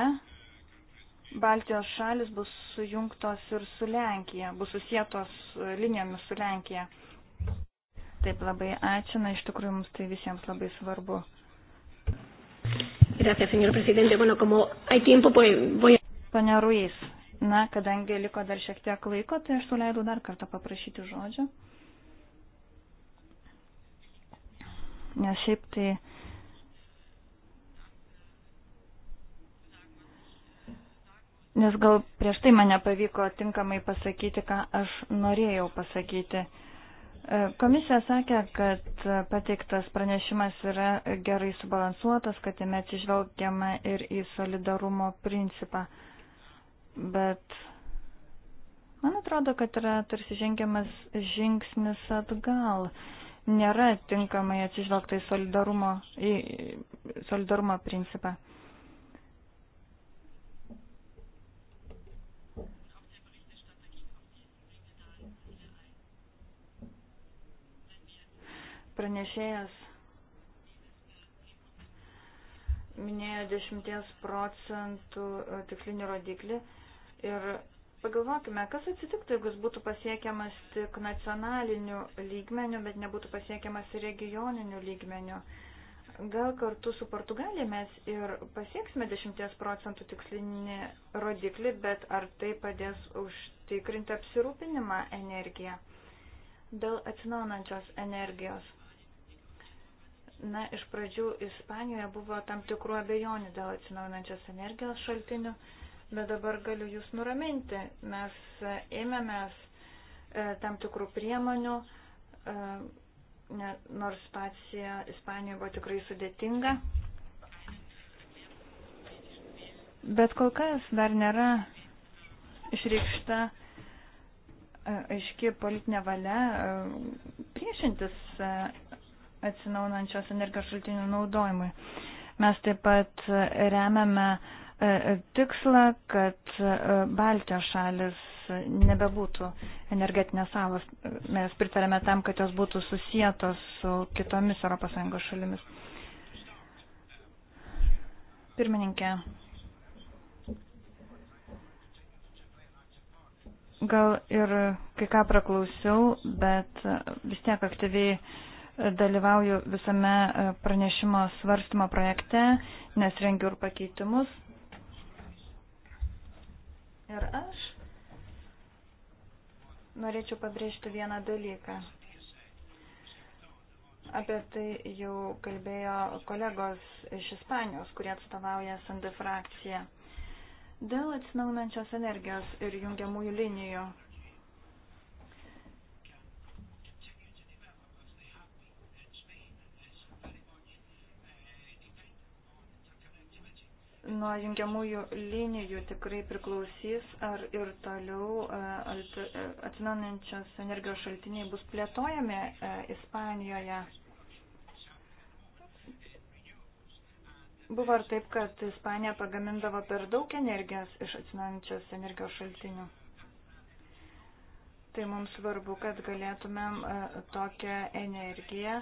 S1: Baltijos šalis bus sujungtos ir su Lenkija, bus susijėtos e, linijomis su Lenkija. Taip labai ačiū, na iš tikrųjų mums tai visiems labai svarbu. Gracias, señor presidente. Bueno, como hay tiempo, pues voy a... Pane Ruiz, na, kadangi liko dar šiek tiek laiko, tai aš suleidau dar kartą paprašyti žodžio. nes šiaip tai nes gal prieš tai man nepavyko tinkamai pasakyti, ką aš norėjau pasakyti. E, komisija sakė, kad pateiktas pranešimas yra gerai subalansuotas, kad jame atsižvelgiama ir į solidarumo principą. Bet man atrodo, kad yra tarsi žengiamas žingsnis atgal. Uh, nėra tinkamai atsižvelgta į solidarumo, į solidarumo principą. Pranešėjas minėjo 10 procentų e, tikslinį rodiklį ir Pagalvokime, kas atsitiktų, jeigu jis būtų pasiekiamas tik nacionaliniu lygmeniu, bet nebūtų pasiekiamas regioniniu lygmeniu. Gal kartu su Portugalija mes ir pasieksime 10 procentų tikslinį rodiklį, bet ar tai padės užtikrinti apsirūpinimą energiją dėl atsinaujančios energijos? Na, iš pradžių Ispanijoje buvo tam tikrų abejonių dėl atsinaujančios energijos šaltinių. Bet dabar galiu jūs nuraminti. Mes e, ėmėmės e, tam tikrų priemonių, e, nors situacija Ispanijoje buvo tikrai sudėtinga. Bet kol kas dar nėra išreikšta aiški politinė valia priešintis atsinaunančios energijos šaltinių naudojimui. Mes taip pat remiame uh, E, tikslą, kad e, Baltijos šalis nebebūtų energetinės salos. Mes pritarėme tam, kad jos būtų susijėtos su kitomis ES šalimis. Pirmininkė, gal ir kai ką praklausiau, bet vis tiek aktyviai dalyvauju visame e, pranešimo svarstymo projekte, nes rengiu ir pakeitimus. Ir aš norėčiau pabrėžti vieną dalyką. Apie tai jau kalbėjo kolegos iš Ispanijos, kurie atstovauja SND frakciją. Dėl atsinaunančios energijos ir jungiamųjų linijų nuo jungiamųjų linijų tikrai priklausys, ar ir toliau e, e, atsinaujančios energijos šaltiniai bus plėtojami e, Ispanijoje. Buvo ir taip, kad Ispanija pagamindavo per daug energijos iš atsinaujančios energijos šaltinių. Tai mums svarbu, kad galėtumėm tokią energiją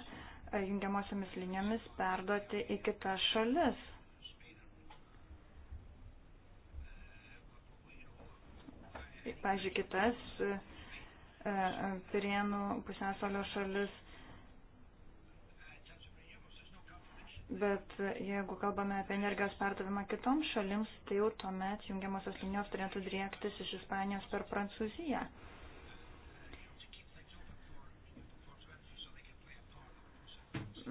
S1: jungiamosiamis linijomis perduoti į kitas šalis pažiūrėk, kitas e, e, Pirienų pusęsalio šalis. Bet jeigu kalbame apie energijos perdavimą kitoms šalims, tai jau tuomet jungiamosios linijos turėtų driektis iš Ispanijos per Prancūziją.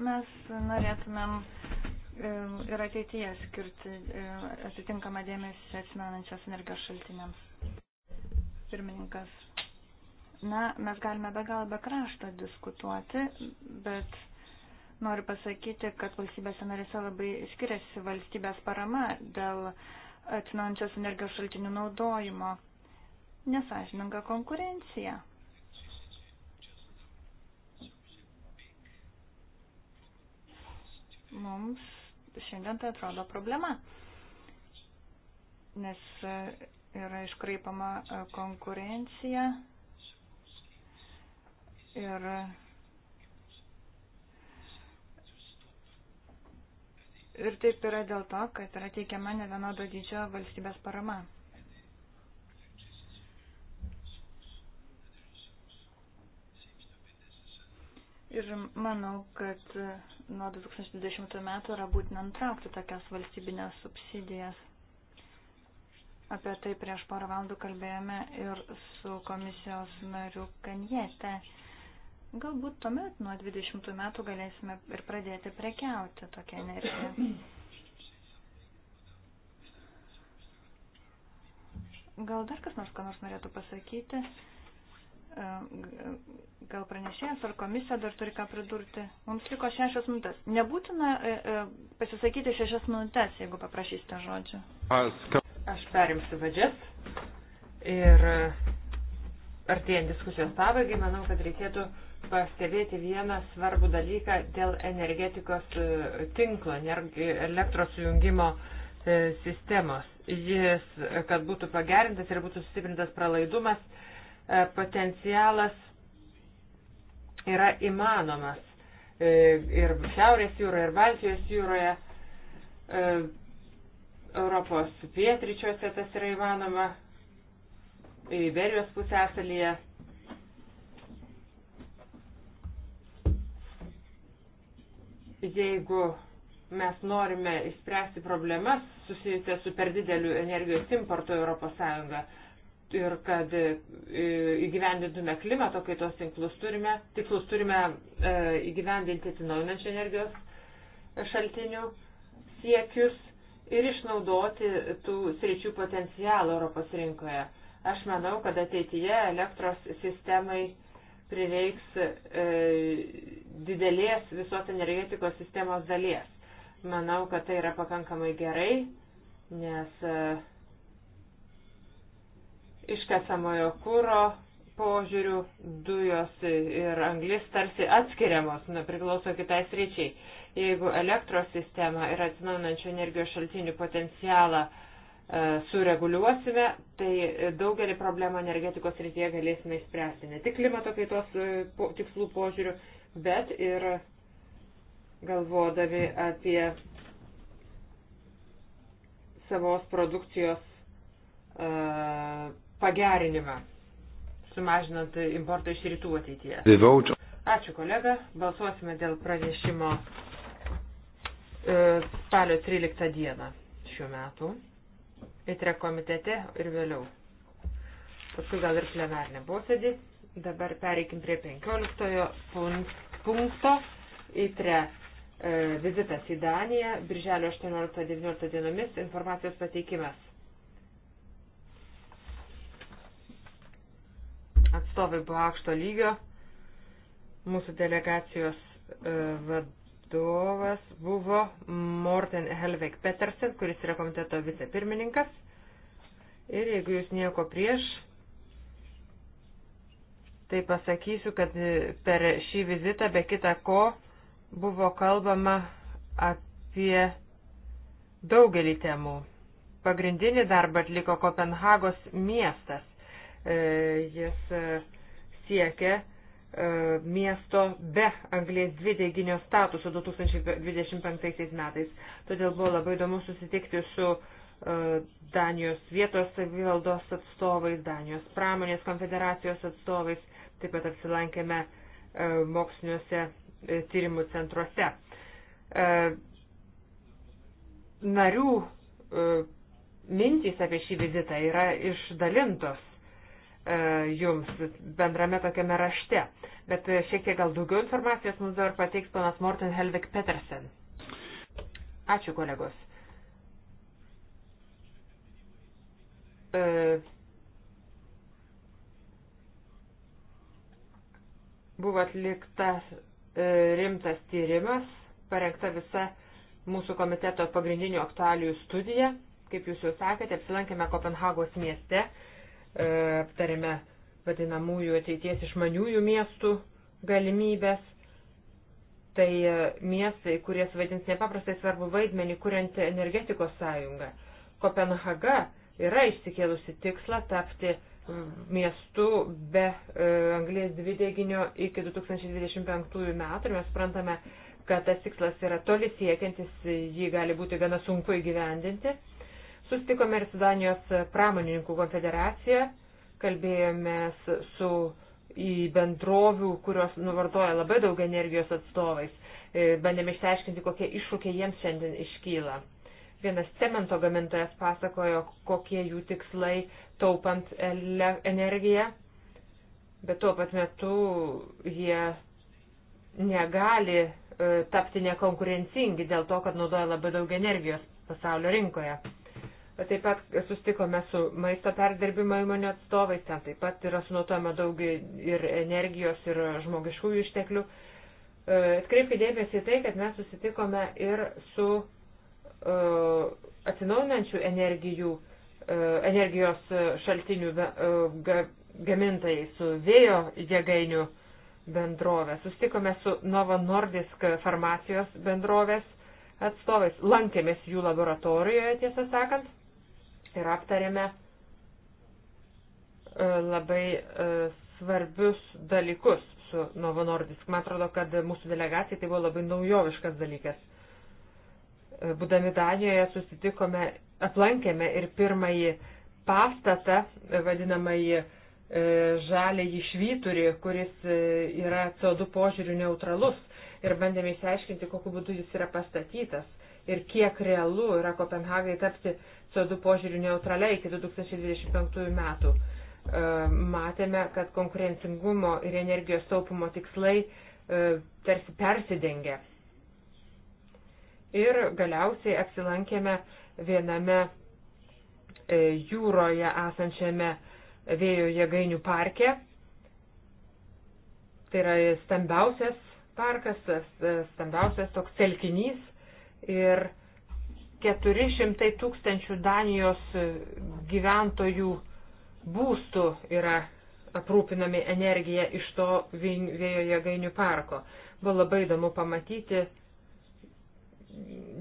S1: Mes norėtumėm e, ir ateityje skirti atitinkamą dėmesį atsinaujinančios energijos šaltiniams pirmininkas. Na, mes galime be galo be krašto diskutuoti, bet noriu pasakyti, kad valstybėse narėse labai skiriasi valstybės parama dėl atsinaujančios energijos šaltinių naudojimo. Nesažininga konkurencija. Mums šiandien tai atrodo problema, nes yra iškraipama e, konkurencija ir Ir taip yra dėl to, kad yra teikiama ne vienodo dydžio valstybės parama. Ir manau, kad e, nuo 2020 metų yra būtina nutraukti tokias valstybinės subsidijas. Apie tai prieš porą valandų kalbėjome ir su komisijos nariu Kanjete. Galbūt tuomet nuo 20 metų galėsime ir pradėti prekiauti tokią energiją. Gal dar kas nors, ką nors norėtų pasakyti? E, gal pranešėjas ar komisija dar turi ką pridurti? Mums liko šešias minutės. Nebūtina e, e, pasisakyti šešias minutės, jeigu paprašysite žodžio. Aš perimsiu vadžias
S2: ir artėjant diskusijos pabaigai, manau, kad reikėtų pastebėti vieną svarbų dalyką dėl energetikos e, tinklo, elektros sujungimo e, sistemos. Jis, kad būtų pagerintas ir būtų sustiprintas pralaidumas, e, potencialas yra įmanomas ir Šiaurės jūroje, ir Baltijos jūroje Europos pietryčiuose tas yra įmanoma, Iberijos pusėsalyje. Jeigu mes norime išspręsti problemas susijusias su per dideliu energijos importu Europos Sąjunga, ir kad e, įgyvendintume klimato kaitos tinklus turime, tikslus turime e, įgyvendinti atsinaujinančių energijos šaltinių siekius ir išnaudoti tų sričių potencialą Europos rinkoje. Aš manau, kad ateityje elektros sistemai prireiks e, didelės visos energetikos sistemos dalies. Manau, kad tai yra pakankamai gerai, nes e, iškasamojo kūro požiūrių dujos ir anglis tarsi atskiriamos, nu, priklauso kitai sričiai. E, Jeigu elektros sistemą ir atsinaujinančių energijos šaltinių potencialą e, sureguliuosime, tai daugelį problemų energetikos rytyje galėsime išspręsti ne tik klimato kaitos e, tikslų požiūrių, bet ir galvodami apie savos produkcijos e, pagerinimą, sumažinant importą iš rytų ateityje. Ačiū kolega, balsuosime dėl pranešimo E, spalio 13 dieną šiuo metu. Įtre komitete ir vėliau. Paskui gal ir plenarnė posėdį. Dabar pereikim prie 15 punkto. Įtre e, vizitas į Daniją, birželio 18-19 dienomis, informacijos pateikimas. Atstovai buvo aukšto lygio, mūsų delegacijos e, vadovai vadovas buvo Morten Helvek Petersen, kuris yra komiteto vicepirmininkas. Ir jeigu jūs nieko prieš, tai pasakysiu, kad per šį vizitą be kita ko buvo kalbama apie daugelį temų. Pagrindinį darbą atliko Kopenhagos miestas. E, jis e, siekia E, miesto be anglės dvideginio statuso 2025 metais. Todėl buvo labai įdomu susitikti su e, Danijos vietos savivaldos atstovais, Danijos pramonės konfederacijos atstovais, taip pat apsilankėme e, moksliniuose tyrimų centruose. Narių mintys apie šį vizitą yra išdalintos E, jums bendrame tokiame rašte. Bet šiek tiek gal daugiau informacijos mums dabar pateiks panas Morten Helvik Petersen. Ačiū, kolegos. E, buvo atliktas e, rimtas tyrimas, parengta visa mūsų komiteto pagrindinių aktualijų studija. Kaip jūs jau sakėte, apsilankėme Kopenhagos mieste E, aptarėme vadinamųjų ateities išmaniųjų miestų galimybės. Tai e, miestai, kurie suvaidins nepaprastai svarbu vaidmenį, kuriant energetikos sąjungą. Kopenhaga yra išsikėlusi tikslą tapti miestu be e, anglės dvideginio iki 2025 metų ir mes suprantame, kad tas tikslas yra toli siekiantis, jį gali būti gana sunku įgyvendinti. Sustikome ir su Danijos pramonininkų konfederacija, kalbėjomės su į bendrovių, kurios nuvartoja labai daug energijos atstovais. E, bandėme išsiaiškinti, kokie iššūkiai jiems šiandien iškyla. Vienas cemento gamintojas pasakojo, kokie jų tikslai taupant energiją, bet tuo pat metu jie negali e, tapti nekonkurencingi dėl to, kad naudoja labai daug energijos pasaulio rinkoje. Taip pat sustikome su maisto perdirbimo įmonių atstovais, ten taip pat yra sunotojama daug ir energijos, ir žmogiškųjų išteklių. E, atkreipkite dėmesį į tai, kad mes susitikome ir su e, atsinaujinančių energijų, e, energijos šaltinių gamintojai, su vėjo jėgainių bendrovė. Sustikome su Novo Nordisk farmacijos bendrovės atstovais. Lankėmės jų laboratorijoje, tiesą sakant ir aptarėme e, labai e, svarbius dalykus su Novo Nordisk. Man atrodo, kad mūsų delegacijai tai buvo labai naujoviškas dalykas. E, būdami Danijoje susitikome, aplankėme ir pirmąjį pastatą, vadinamąjį žalėjį švyturį, kuris yra CO2 požiūrių neutralus ir bandėme įsiaiškinti, kokiu būdu jis yra pastatytas ir kiek realu yra Kopenhagai tapti CO2 požiūrių neutraliai iki 2025 metų. E, matėme, kad konkurencingumo ir energijos taupimo tikslai e, tarsi persidengia. Ir galiausiai apsilankėme viename e, jūroje esančiame vėjo jėgainių parke. Tai yra stambiausias parkas, stambiausias toks telkinys ir 400 tūkstančių Danijos gyventojų būstų yra aprūpinami energija iš to vėjo jėgainių parko. Buvo labai įdomu pamatyti,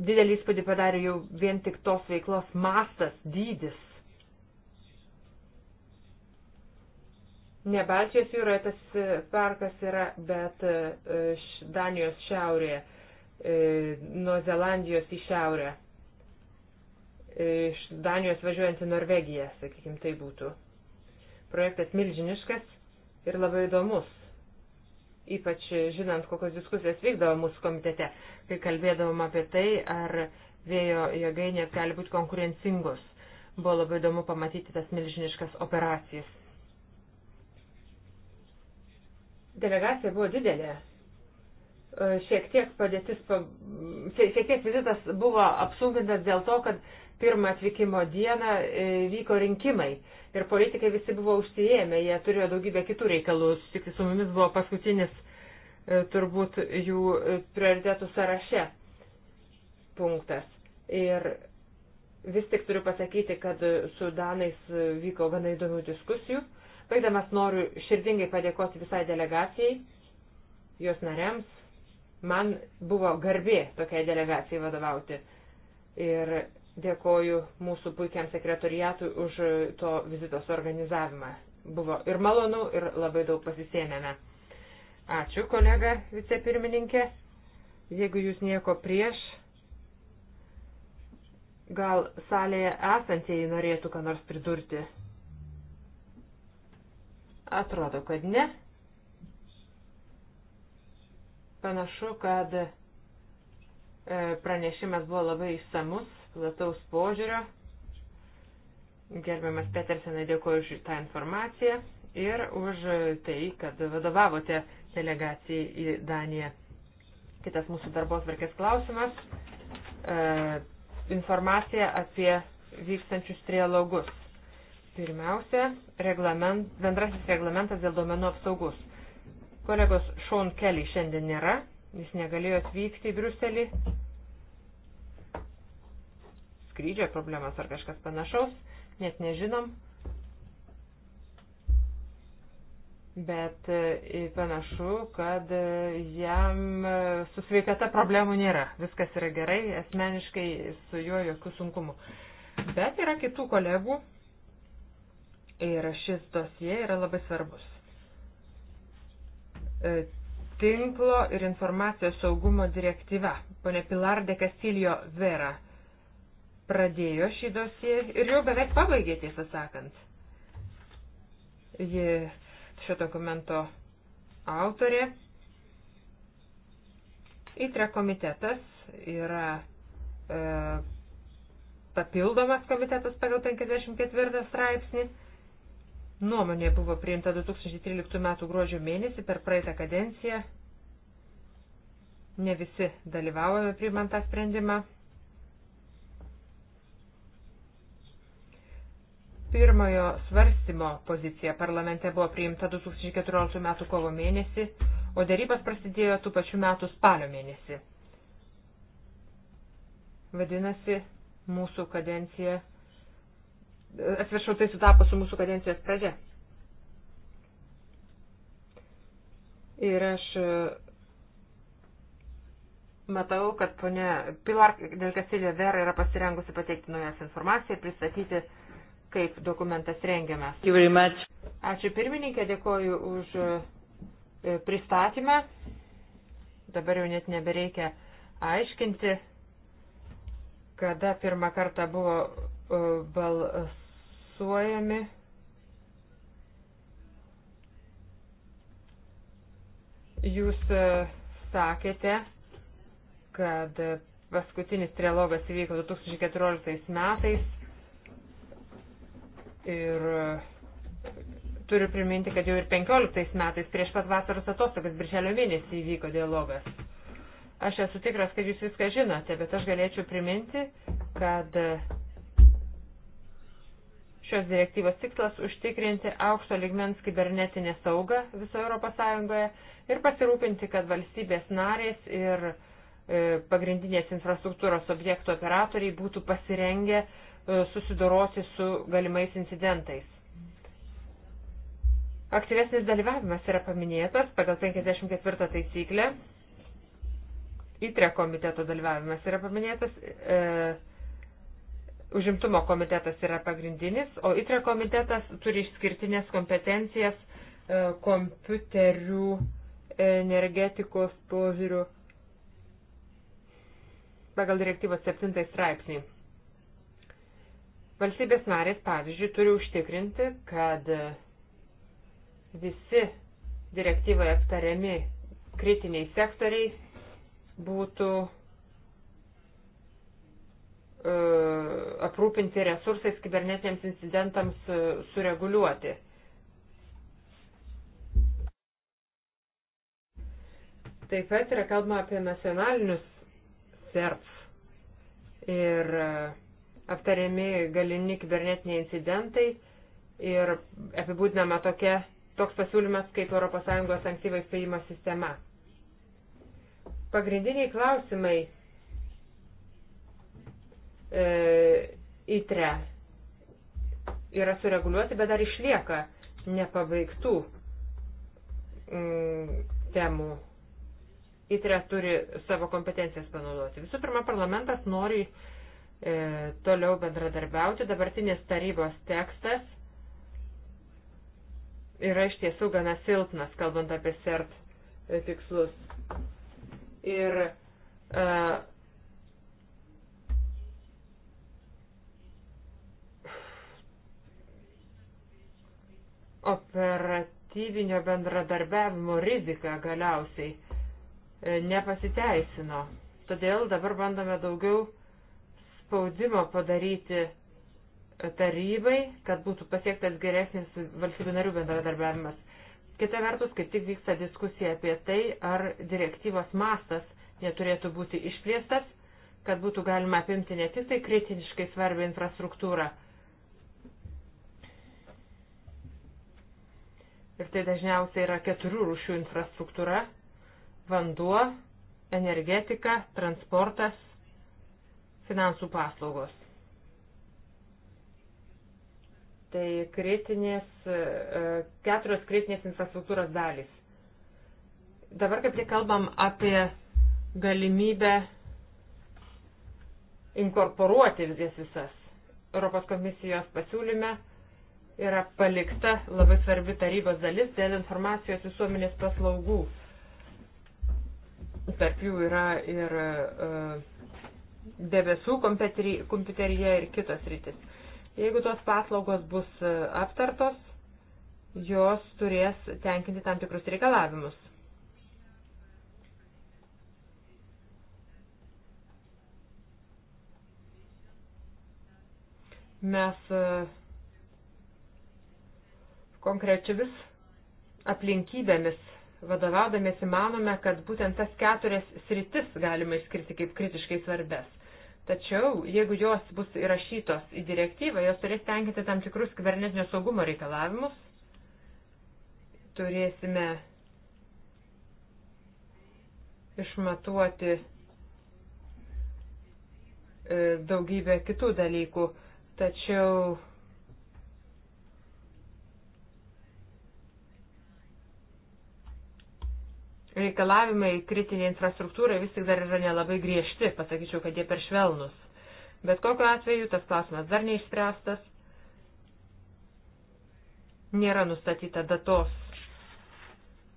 S2: didelį įspūdį padarė jau vien tik tos veiklos mastas, dydis. Ne Baltijos jūroje tas parkas yra, bet e, Danijos šiaurėje E, nuo Zelandijos į šiaurę, e, iš Danijos važiuojant į Norvegiją, sakykime, tai būtų. Projektas milžiniškas ir labai įdomus, ypač žinant, kokios diskusijos vykdavo mūsų komitete, kai kalbėdavom apie tai, ar vėjo jėgainės gali būti konkurencingos. Buvo labai įdomu pamatyti tas milžiniškas operacijas. Delegacija buvo didelė, E, šiek tiek padėtis, šiek tiek vizitas buvo apsunkintas dėl to, kad pirmą atvykimo dieną e, vyko rinkimai ir politikai visi buvo užsijėmę, jie turėjo daugybę kitų reikalų, susitikti su mumis buvo paskutinis e, turbūt jų prioritetų sąraše punktas. Ir vis tik turiu pasakyti, kad su Danais vyko gana įdomių diskusijų. Baigdamas noriu širdingai padėkoti visai delegacijai, jos nariams, Man buvo garbė tokiai delegacijai vadovauti. Ir dėkoju mūsų puikiam sekretoriatui už to vizito suorganizavimą. Buvo ir malonu, ir labai daug pasisėmėme. Ačiū, kolega vicepirmininkė. Jeigu jūs nieko prieš, gal salėje esantieji norėtų ką nors pridurti? Atrodo, kad ne. Panašu, kad e, pranešimas buvo labai išsamus, plataus požiūrio. Gerbiamas Petersenai dėkoju už tą informaciją ir už tai, kad vadovavote delegacijai į Daniją. Kitas mūsų darbos varkės klausimas e, - informacija apie vykstančius trialogus. Pirmiausia, reglament, bendrasis reglamentas dėl duomenų apsaugos. Kolegos Sean Kelly šiandien nėra, jis negalėjo atvykti į Briuselį. Skrydžio problemas ar kažkas panašaus, net nežinom. Bet e, panašu, kad e, jam e, su sveikata problemų nėra. Viskas yra gerai, asmeniškai su juo jokių sunkumų. Bet yra kitų kolegų ir šis dosie yra labai svarbus. E, tinklo ir informacijos saugumo direktyva. Pone Pilar de Castillo Vera pradėjo šį dosiją ir jau beveik pabaigė, tiesą sakant. Ji šio dokumento autorė. ITRE komitetas yra e, papildomas komitetas pagal 54 straipsnį Nuomonė buvo priimta 2013 m. gruodžio mėnesį per praeitą kadenciją. Ne visi dalyvavome priimant tą sprendimą. Pirmojo svarstymo pozicija parlamente buvo priimta 2014 m. kovo mėnesį, o darybas prasidėjo tų pačių metų spalio mėnesį. Vadinasi, mūsų kadencija atsiprašau, tai sutapo su mūsų kadencijos pradžia. Ir aš e, matau, kad ponia Pilar del Castillo Vera yra pasirengusi pateikti naujas informaciją ir pristatyti, kaip dokumentas rengiamas. Ačiū pirmininkė, dėkoju už e, pristatymą. Dabar jau net nebereikia aiškinti, kada pirmą kartą buvo e, bals balsuojame. Jūs e, sakėte, kad paskutinis trilogas įvyko 2014 metais ir e, turiu priminti, kad jau ir 15 metais prieš pat vasaros atostogas birželio mėnesį įvyko dialogas. Aš esu tikras, kad jūs viską žinote, bet aš galėčiau priminti, kad e, Šios direktyvos tikslas užtikrinti aukšto ligmens kibernetinę saugą viso ES ir pasirūpinti, kad valstybės narės ir e, pagrindinės infrastruktūros objektų operatoriai būtų pasirengę e, susidoroti su galimais incidentais. Aktyvesnis dalyvavimas yra paminėtas pagal 54 taisyklę. ITRE komiteto dalyvavimas yra paminėtas. E, Užimtumo komitetas yra pagrindinis, o ITRE komitetas turi išskirtinės kompetencijas e, kompiuterių e, energetikos požiūrių pagal direktyvos 7 straipsnį. Valstybės narės, pavyzdžiui, turi užtikrinti, kad visi direktyvoje aptariami kritiniai sektoriai būtų E, aprūpinti resursais kibernetiniams incidentams e, sureguliuoti. Taip pat yra kalbama apie nacionalinius SERF ir e, aptariami galini kibernetiniai incidentai ir apibūdinama tokia, toks pasiūlymas kaip ES ankstyvai spėjimo sistema. Pagrindiniai klausimai E, ITRE yra sureguliuoti, bet dar išlieka nepabaigtų mm, temų. ITRE turi savo kompetencijas panaudoti. Visų pirma, parlamentas nori e, toliau bendradarbiauti. Dabartinės tarybos tekstas yra iš tiesų gana silpnas, kalbant apie SERT e, tikslus. Ir e, operatyvinio bendradarbiavimo rizika galiausiai e, nepasiteisino. Todėl dabar bandome daugiau spaudimo padaryti tarybai, kad būtų pasiektas geresnis valstybių narių bendradarbiavimas. Kita vertus, kaip tik vyksta diskusija apie tai, ar direktyvos mastas neturėtų būti išplėstas, kad būtų galima apimti ne tik tai kritiniškai svarbią infrastruktūrą, Ir tai dažniausiai yra keturių rūšių infrastruktūra - vanduo, energetika, transportas, finansų paslaugos. Tai kritinės, e, keturios kritinės infrastruktūros dalys. Dabar kaip tik kalbam apie galimybę inkorporuoti vis visas. Europos komisijos pasiūlyme yra palikta labai svarbi tarybos dalis dėl informacijos visuomenės paslaugų. Tarp jų yra ir e, debesų kompiuterija ir kitos rytis. Jeigu tos paslaugos bus e, aptartos, jos turės tenkinti tam tikrus reikalavimus. Mes uh, konkrečiamis aplinkybėmis vadovaudamėsi manome, kad būtent tas keturias sritis galima išskirti kaip kritiškai svarbės. Tačiau, jeigu jos bus įrašytos į direktyvą, jos turės tenkinti tam tikrus kibernetinio saugumo reikalavimus. Turėsime išmatuoti e, daugybę kitų dalykų, tačiau reikalavimai kritiniai infrastruktūrai vis tik dar yra nelabai griežti, pasakyčiau, kad jie per švelnus. Bet kokiu atveju tas klausimas dar neišspręstas, nėra nustatyta datos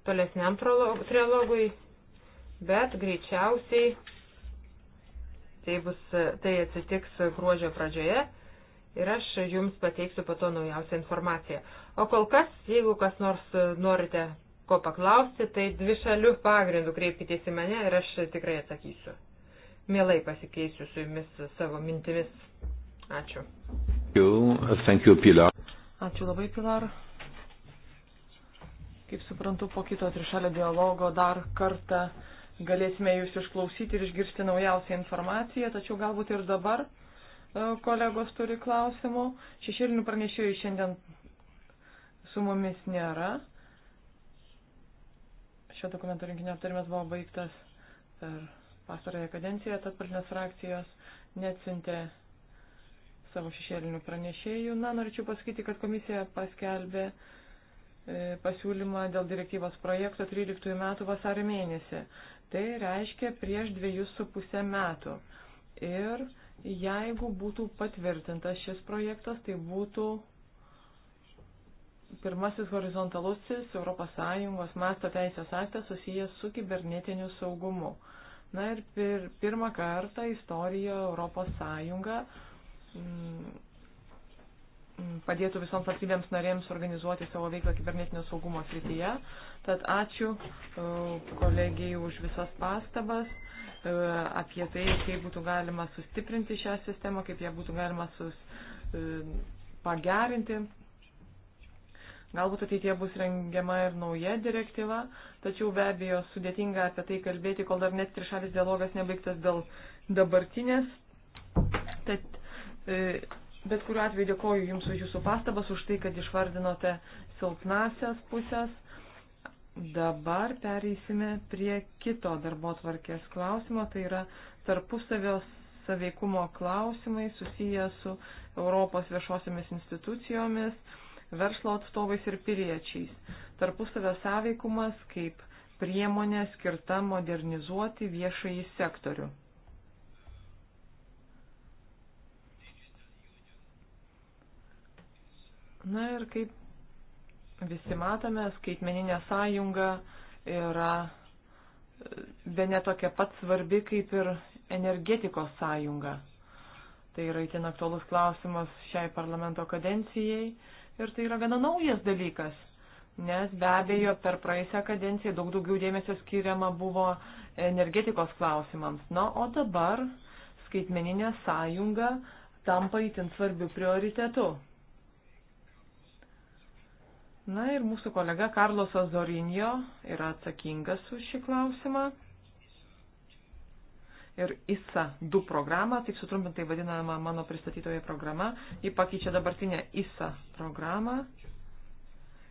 S2: tolesniam trilogui, bet greičiausiai tai, bus, tai atsitiks gruodžio pradžioje ir aš jums pateiksiu po to naujausią informaciją. O kol kas, jeigu kas nors norite ko paklausti, tai dvi šalių pagrindų kreipkitės į mane ir aš tikrai atsakysiu. Mielai pasikeisiu su jumis savo mintimis. Ačiū. Thank
S1: you, Pilar.
S3: Ačiū labai, Pilar. Kaip suprantu, po kito trišalio dialogo dar kartą galėsime jūs išklausyti ir išgirsti naujausią informaciją, tačiau galbūt ir dabar e, kolegos turi klausimų. Šešėlinių pranešėjų šiandien su mumis nėra. Šio dokumento rinkinio aptarimas buvo baigtas per pastarąją kadenciją, tad politinės frakcijos neatsintė savo šešėlinių pranešėjų. Na, norėčiau pasakyti, kad komisija paskelbė e, pasiūlymą dėl direktyvos projekto 13 metų vasario mėnesį. Tai reiškia prieš dviejus su pusę metų. Ir jeigu būtų patvirtintas šis projektas, tai būtų Pirmasis horizontalusis ES masto teisės aktas susijęs su kibernetiniu saugumu. Na ir pir, pirmą kartą istorijoje ES mm, mm, padėtų visoms valstybėms narėms organizuoti savo veiklą kibernetinio saugumo srityje. Tad ačiū e, kolegijai už visas pastabas e, apie tai, kaip būtų galima sustiprinti šią sistemą, kaip ją būtų galima sus, e, pagerinti. Galbūt ateitie bus rengiama ir nauja direktyva, tačiau be abejo sudėtinga apie tai kalbėti, kol dar net trišalis dialogas nebaigtas dėl dabartinės. Tad, e, bet kuriuo atveju dėkoju Jums už Jūsų pastabas, už tai, kad išvardinote silpnasias pusės. Dabar pereisime prie kito darbo tvarkės klausimo, tai yra tarpusavio saveikumo klausimai susiję su Europos viešosiamis institucijomis verslo atstovais ir piliečiais. Tarpusavio sąveikumas kaip priemonė skirta modernizuoti viešąjį sektorių. Na ir kaip visi matome, skaitmeninė sąjunga yra e, be netokia pat svarbi kaip ir energetikos sąjunga. Tai yra įtin aktuolus klausimas šiai parlamento kadencijai ir tai yra gana naujas dalykas. Nes be abejo, per praeisę kadenciją daug daugiau dėmesio skiriama buvo energetikos klausimams. Na, o dabar skaitmeninė sąjunga tampa įtin svarbių prioritetų. Na ir mūsų kolega Karlos Azorinio yra atsakingas už šį klausimą ir ISA 2 programą, taip sutrumpintai vadinama mano pristatytoje programa. Ji pakeičia dabartinę ISA programą.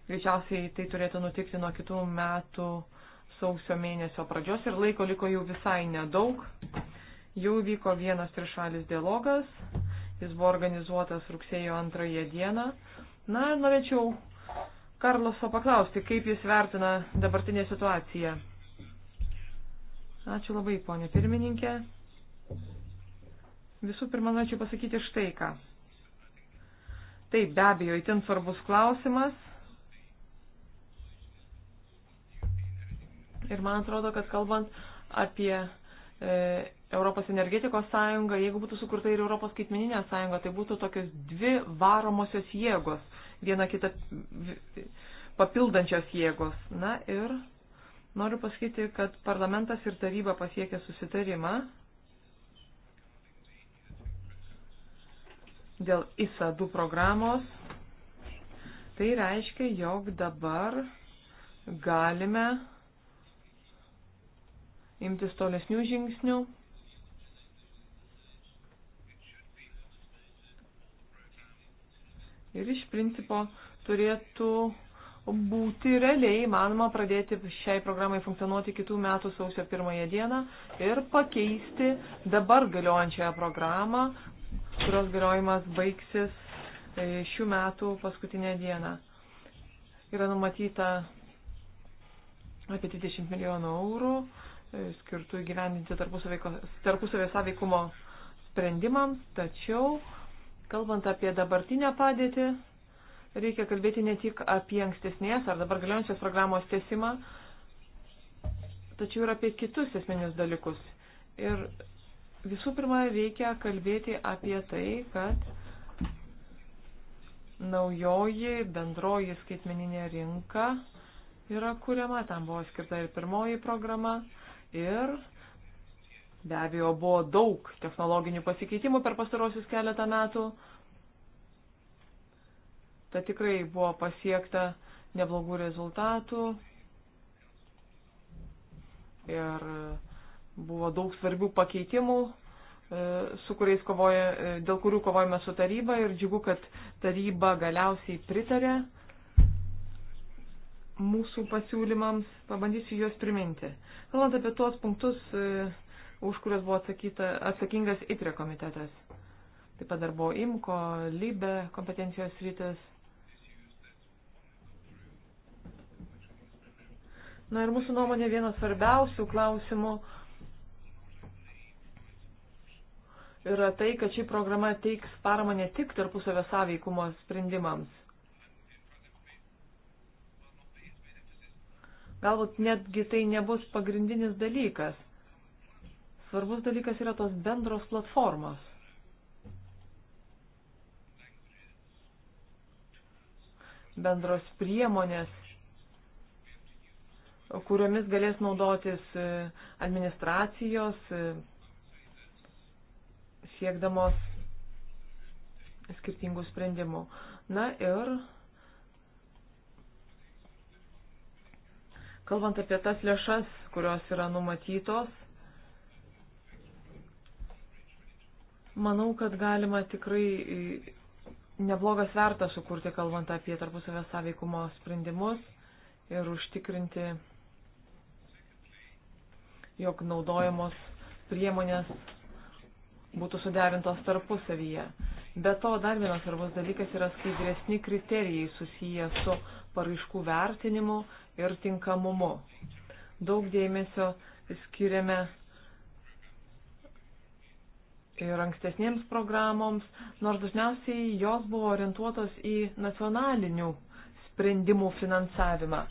S3: Greičiausiai tai turėtų nutikti nuo kitų metų sausio mėnesio pradžios ir laiko liko jau visai nedaug. Jau vyko vienas trišalis dialogas, jis buvo organizuotas rugsėjo antrąją dieną. Na, norėčiau Karloso paklausti, kaip jis vertina dabartinę situaciją. Ačiū labai, ponė pirmininkė. Visų pirma, norėčiau pasakyti štai ką. Taip, be abejo, itin svarbus klausimas. Ir man atrodo, kad kalbant apie e, Europos energetikos sąjungą, jeigu būtų sukurta ir Europos skaitmeninė sąjunga, tai būtų tokios dvi varomosios jėgos, viena kita papildančios jėgos. Na ir Noriu pasakyti, kad parlamentas ir taryba pasiekė susitarimą dėl ISA 2 programos. Tai reiškia, jog dabar galime imtis tolesnių žingsnių. Ir iš principo turėtų būti realiai įmanoma pradėti šiai programai funkcionuoti kitų metų sausio pirmąją dieną ir pakeisti dabar galiojančią programą, kurios galiojimas baigsis e, šių metų paskutinę dieną. Yra numatyta apie 20 milijonų eurų e, skirtų įgyvendinti tarpusavio sąveikumo sprendimams, tačiau kalbant apie dabartinę padėtį, reikia kalbėti ne tik apie ankstesnės ar dabar galiojančios programos tesimą, tačiau ir apie kitus esminius dalykus. Ir visų pirma, reikia kalbėti apie tai, kad naujoji bendroji skaitmeninė rinka yra kuriama, tam buvo skirta ir pirmoji programa, ir be abejo buvo daug technologinių pasikeitimų per pastarosius keletą metų. Tad tikrai buvo pasiekta neblogų rezultatų ir buvo daug svarbių pakeitimų, e, su kuriais kovoja, e, dėl kurių kovojame su taryba ir džiugu, kad taryba galiausiai pritarė mūsų pasiūlymams, pabandysiu juos priminti. Kalbant apie tuos punktus, e, už kuriuos buvo atsakyta, atsakingas ITRE komitetas. Taip pat dar buvo IMKO, LIBE kompetencijos rytis. Na ir mūsų nuomonė vienas svarbiausių klausimų yra tai, kad ši programa teiks paramą ne tik tarpusavio sąveikumo sprendimams. Galbūt netgi tai nebus pagrindinis dalykas. Svarbus dalykas yra tos bendros platformos. Bendros priemonės kuriomis galės naudotis e, administracijos, e, siekdamos skirtingų sprendimų. Na ir kalbant apie tas lėšas, kurios yra numatytos, manau, kad galima tikrai e, neblogą svertą sukurti, kalbant apie tarpusavę sąveikumo sprendimus ir užtikrinti jog naudojamos priemonės būtų suderintos tarpusavyje. Be to, dar vienas svarbus dalykas yra skaidresni kriterijai susiję su paraiškų vertinimu ir tinkamumu. Daug dėmesio skiriame ir ankstesniems programoms, nors dažniausiai jos buvo orientuotos į nacionalinių sprendimų finansavimą.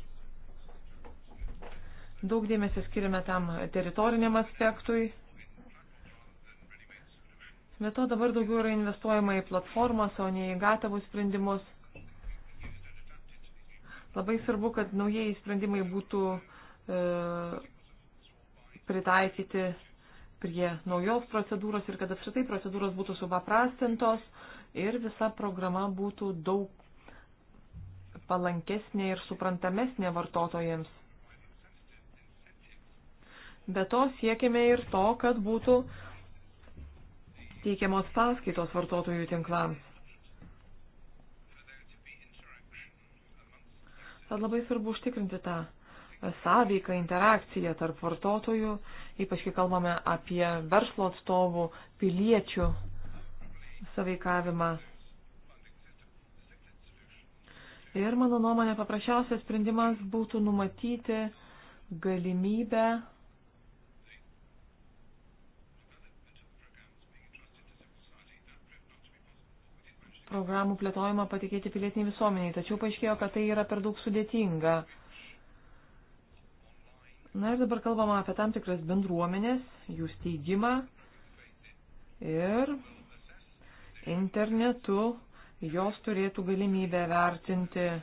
S3: Daug dėmesio skiriame tam teritoriniam aspektui. Be to dabar daugiau yra investuojama į platformas, o ne į gatavus sprendimus. Labai svarbu, kad naujieji sprendimai būtų e, pritaikyti prie naujos procedūros ir kad apskritai procedūros būtų supaprastintos ir visa programa būtų daug palankesnė ir suprantamesnė vartotojams. Be to siekime ir to, kad būtų teikiamos paskaitos vartotojų tinklams. Tad labai svarbu užtikrinti tą sąveiką, interakciją tarp vartotojų, ypač kai kalbame apie verslo atstovų, piliečių saveikavimą. Ir mano nuomonė paprasčiausias sprendimas būtų numatyti galimybę programų plėtojimą patikėti pilietiniai visuomeniai, tačiau paaiškėjo, kad tai yra per daug sudėtinga. Na ir dabar kalbama apie tam tikras bendruomenės, jų steigimą ir internetu jos turėtų galimybę vertinti e,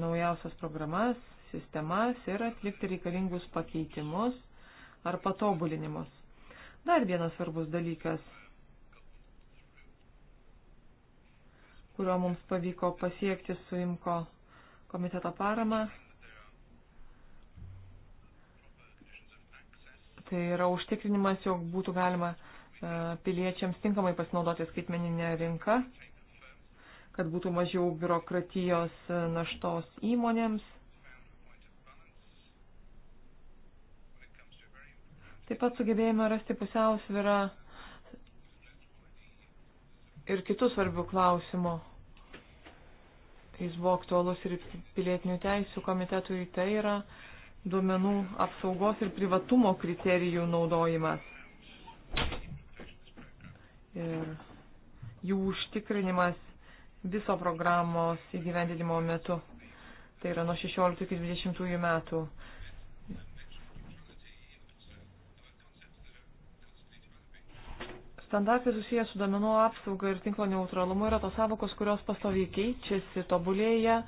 S3: naujausias programas, sistemas ir atlikti reikalingus pakeitimus ar patobulinimus. Dar vienas svarbus dalykas kuriuo mums pavyko pasiekti su IMKO komiteto parama. Tai yra užtikrinimas, jog būtų galima e, piliečiams tinkamai pasinaudoti skaitmeninę rinką, kad būtų mažiau biurokratijos e, naštos įmonėms. Taip pat sugebėjome rasti pusiausvyrą ir kitų svarbių klausimų. Tai jis buvo aktualus ir pilietinių teisų komitetui, tai yra duomenų apsaugos ir privatumo kriterijų naudojimas. Ir jų užtikrinimas viso programos įgyvendinimo metu. Tai yra nuo 16 iki 20 metų. Standartai susijęs su domenų apsauga ir tinklo neutralumu yra tos savokos, kurios pastoviai keičiasi, tobulėja.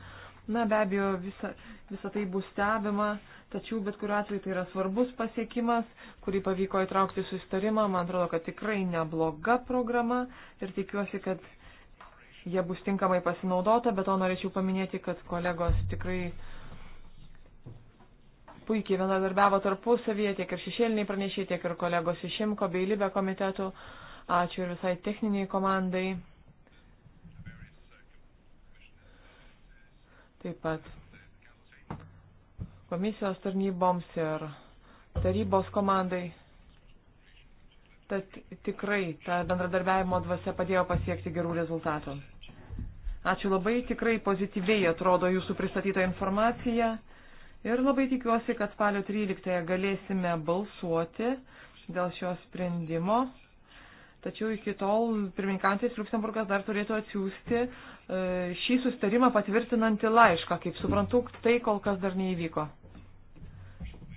S3: Na, be abejo, visa, visa tai bus stebima, tačiau bet kuriuo atveju tai yra svarbus pasiekimas, kurį pavyko įtraukti susitarimą. Man atrodo, kad tikrai nebloga programa ir tikiuosi, kad jie bus tinkamai pasinaudota, bet to norėčiau paminėti, kad kolegos tikrai puikiai bendradarbiavo tarpusavyje, tiek ir šešėliniai pranešė, tiek ir kolegos iš Šimko bei Libė komitetų. Uh, Ačiū ir visai techniniai komandai. Taip pat komisijos tarnyboms ir tarybos komandai. Tad tikrai ta bendradarbiavimo dvasia padėjo pasiekti gerų rezultatų. Ačiū labai, tikrai pozityviai atrodo jūsų pristatyta informacija ir labai tikiuosi, kad spalio 13 galėsime balsuoti dėl šio sprendimo. Tačiau iki tol pirmininkantis Luxemburgas dar turėtų atsiųsti e, šį sustarimą patvirtinantį laišką. Kaip suprantu, tai kol kas dar neįvyko.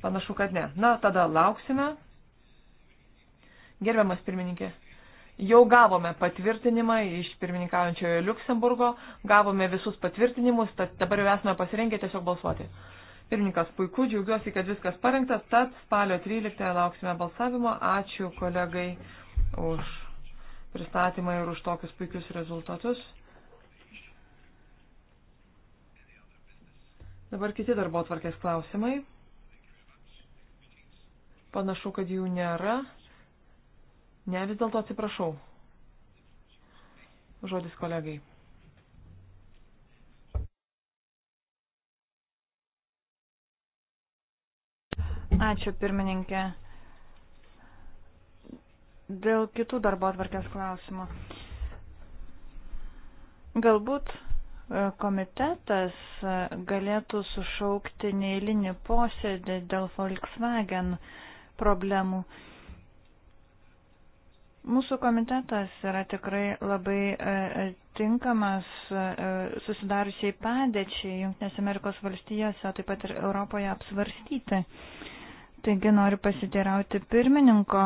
S3: Panašu, kad ne. Na, tada lauksime. Gerbiamas pirmininkė. Jau gavome patvirtinimą iš pirmininkaujančiojo Luxemburgo, gavome visus patvirtinimus, tad dabar jau esame pasirengę tiesiog balsuoti. Pirmininkas puiku, džiaugiuosi, kad viskas parengtas, tad spalio 13 lauksime balsavimo. Ačiū kolegai už pristatymą ir už tokius puikius rezultatus. Dabar kiti darbo atvarkės klausimai. Panašu, kad jų nėra. Ne, vis dėlto atsiprašau. Žodis kolegai.
S1: Ačiū pirmininkė. Dėl kitų darbo atvarkės klausimų. Galbūt e, komitetas e, galėtų sušaukti neįlinį posėdį dėl Volkswagen problemų. Mūsų komitetas yra tikrai labai e, tinkamas susidariusiai padėčiai Junktinės Amerikos valstijose, taip pat ir Europoje apsvarstyti. Taigi noriu pasiteirauti pirmininko,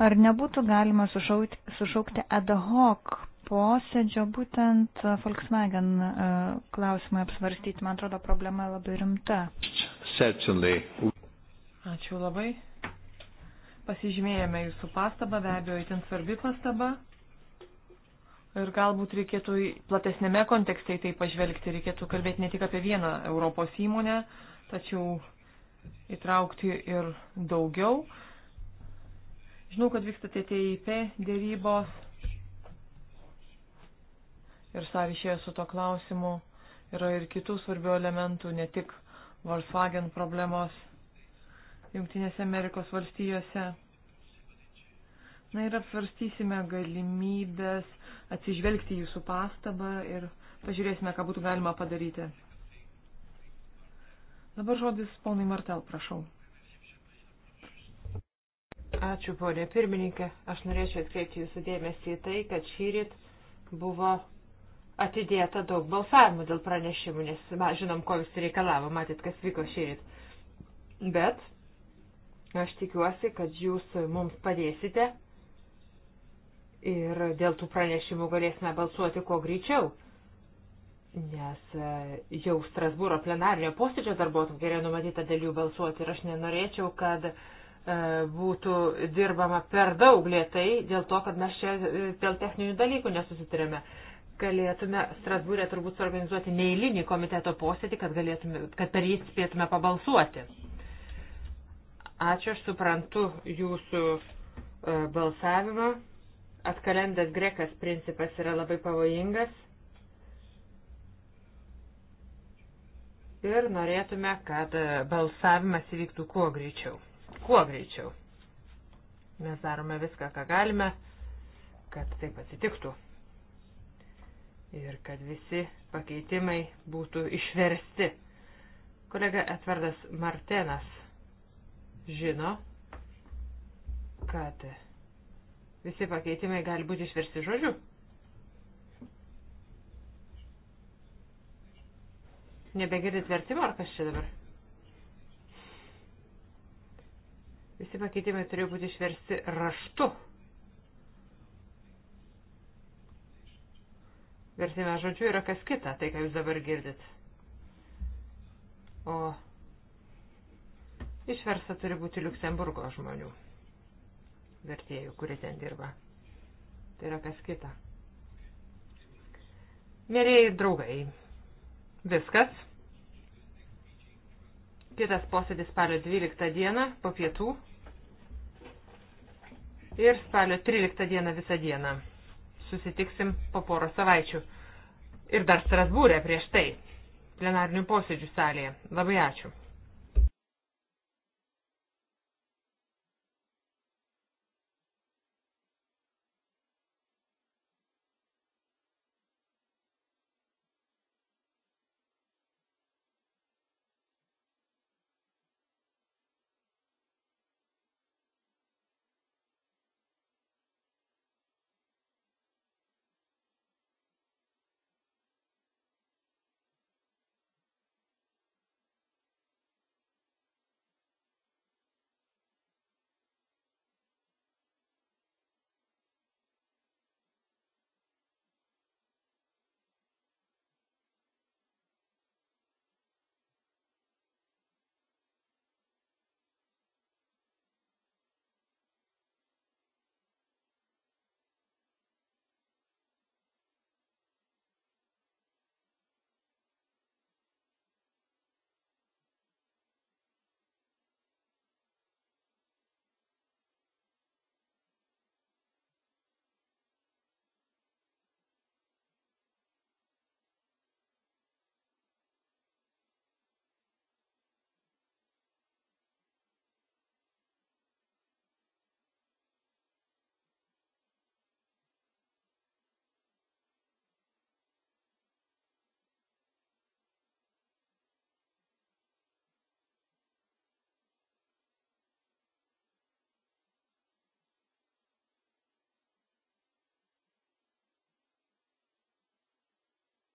S1: Ar nebūtų galima sušaukti, sušaukti ad hoc posėdžio būtent e, Volkswagen e, klausimai apsvarstyti? Man atrodo, problema labai rimta. Certainly. Ačiū labai. Pasižymėjome jūsų pastabą, be abejo, itin
S3: svarbi pastaba. Ir galbūt reikėtų platesnėme kontekste į tai pažvelgti, reikėtų kalbėti ne tik apie vieną Europos įmonę, tačiau įtraukti ir daugiau. Žinau, kad vyksta TTIP dėrybos ir sąryšėje su to klausimu yra ir kitų svarbių elementų, ne tik Volkswagen problemos Junktinėse Amerikos valstijose. Na ir apsvarstysime galimybės atsižvelgti jūsų pastabą ir pažiūrėsime, ką būtų galima padaryti. Dabar žodis ponui Martel, prašau.
S2: Ačiū, ponė pirmininkė. Aš norėčiau atkreipti jūsų dėmesį į tai, kad šyrit buvo atidėta daug balsavimų dėl pranešimų, nes ma, žinom, ko jūs reikalavo, matyt, kas vyko šyrit. Bet aš tikiuosi, kad jūs mums padėsite ir dėl tų pranešimų galėsime balsuoti kuo greičiau. Nes e, jau Strasbūro plenarnio posėdžio darbo yra numatyta dėl jų balsuoti ir aš nenorėčiau, kad uh, E, būtų dirbama per daug lietai dėl to, kad mes čia e, dėl techninių dalykų nesusitarėme. Galėtume Strasbūrė turbūt suorganizuoti neįlinį komiteto posėdį, kad, galėtume, kad per jį spėtume pabalsuoti. Ačiū, aš suprantu jūsų e, balsavimą. Atkalendas grekas principas yra labai pavojingas. Ir norėtume, kad balsavimas įvyktų kuo greičiau kuo greičiau. Mes darome viską, ką galime, kad taip atsitiktų. Ir kad visi pakeitimai būtų išversti. Kolega Etvardas Martenas žino, kad visi pakeitimai gali būti išversti žodžiu. Nebegirdit vertimo, ar kas čia dabar? Visi pakeitimai turėjo būti išversti raštu. Versime žodžiu yra kas kita, tai ką jūs dabar girdit. O išversta turi būti Luksemburgo žmonių, vertėjų, kurie ten dirba. Tai yra kas kita. Mėrėjai draugai, viskas. Kitas posėdis spalio 12 dieną po pietų ir spalio 13 dieną visą dieną. Susitiksim po poro savaičių. Ir dar Strasbūrė prieš tai, plenarnių posėdžių salėje. Labai ačiū.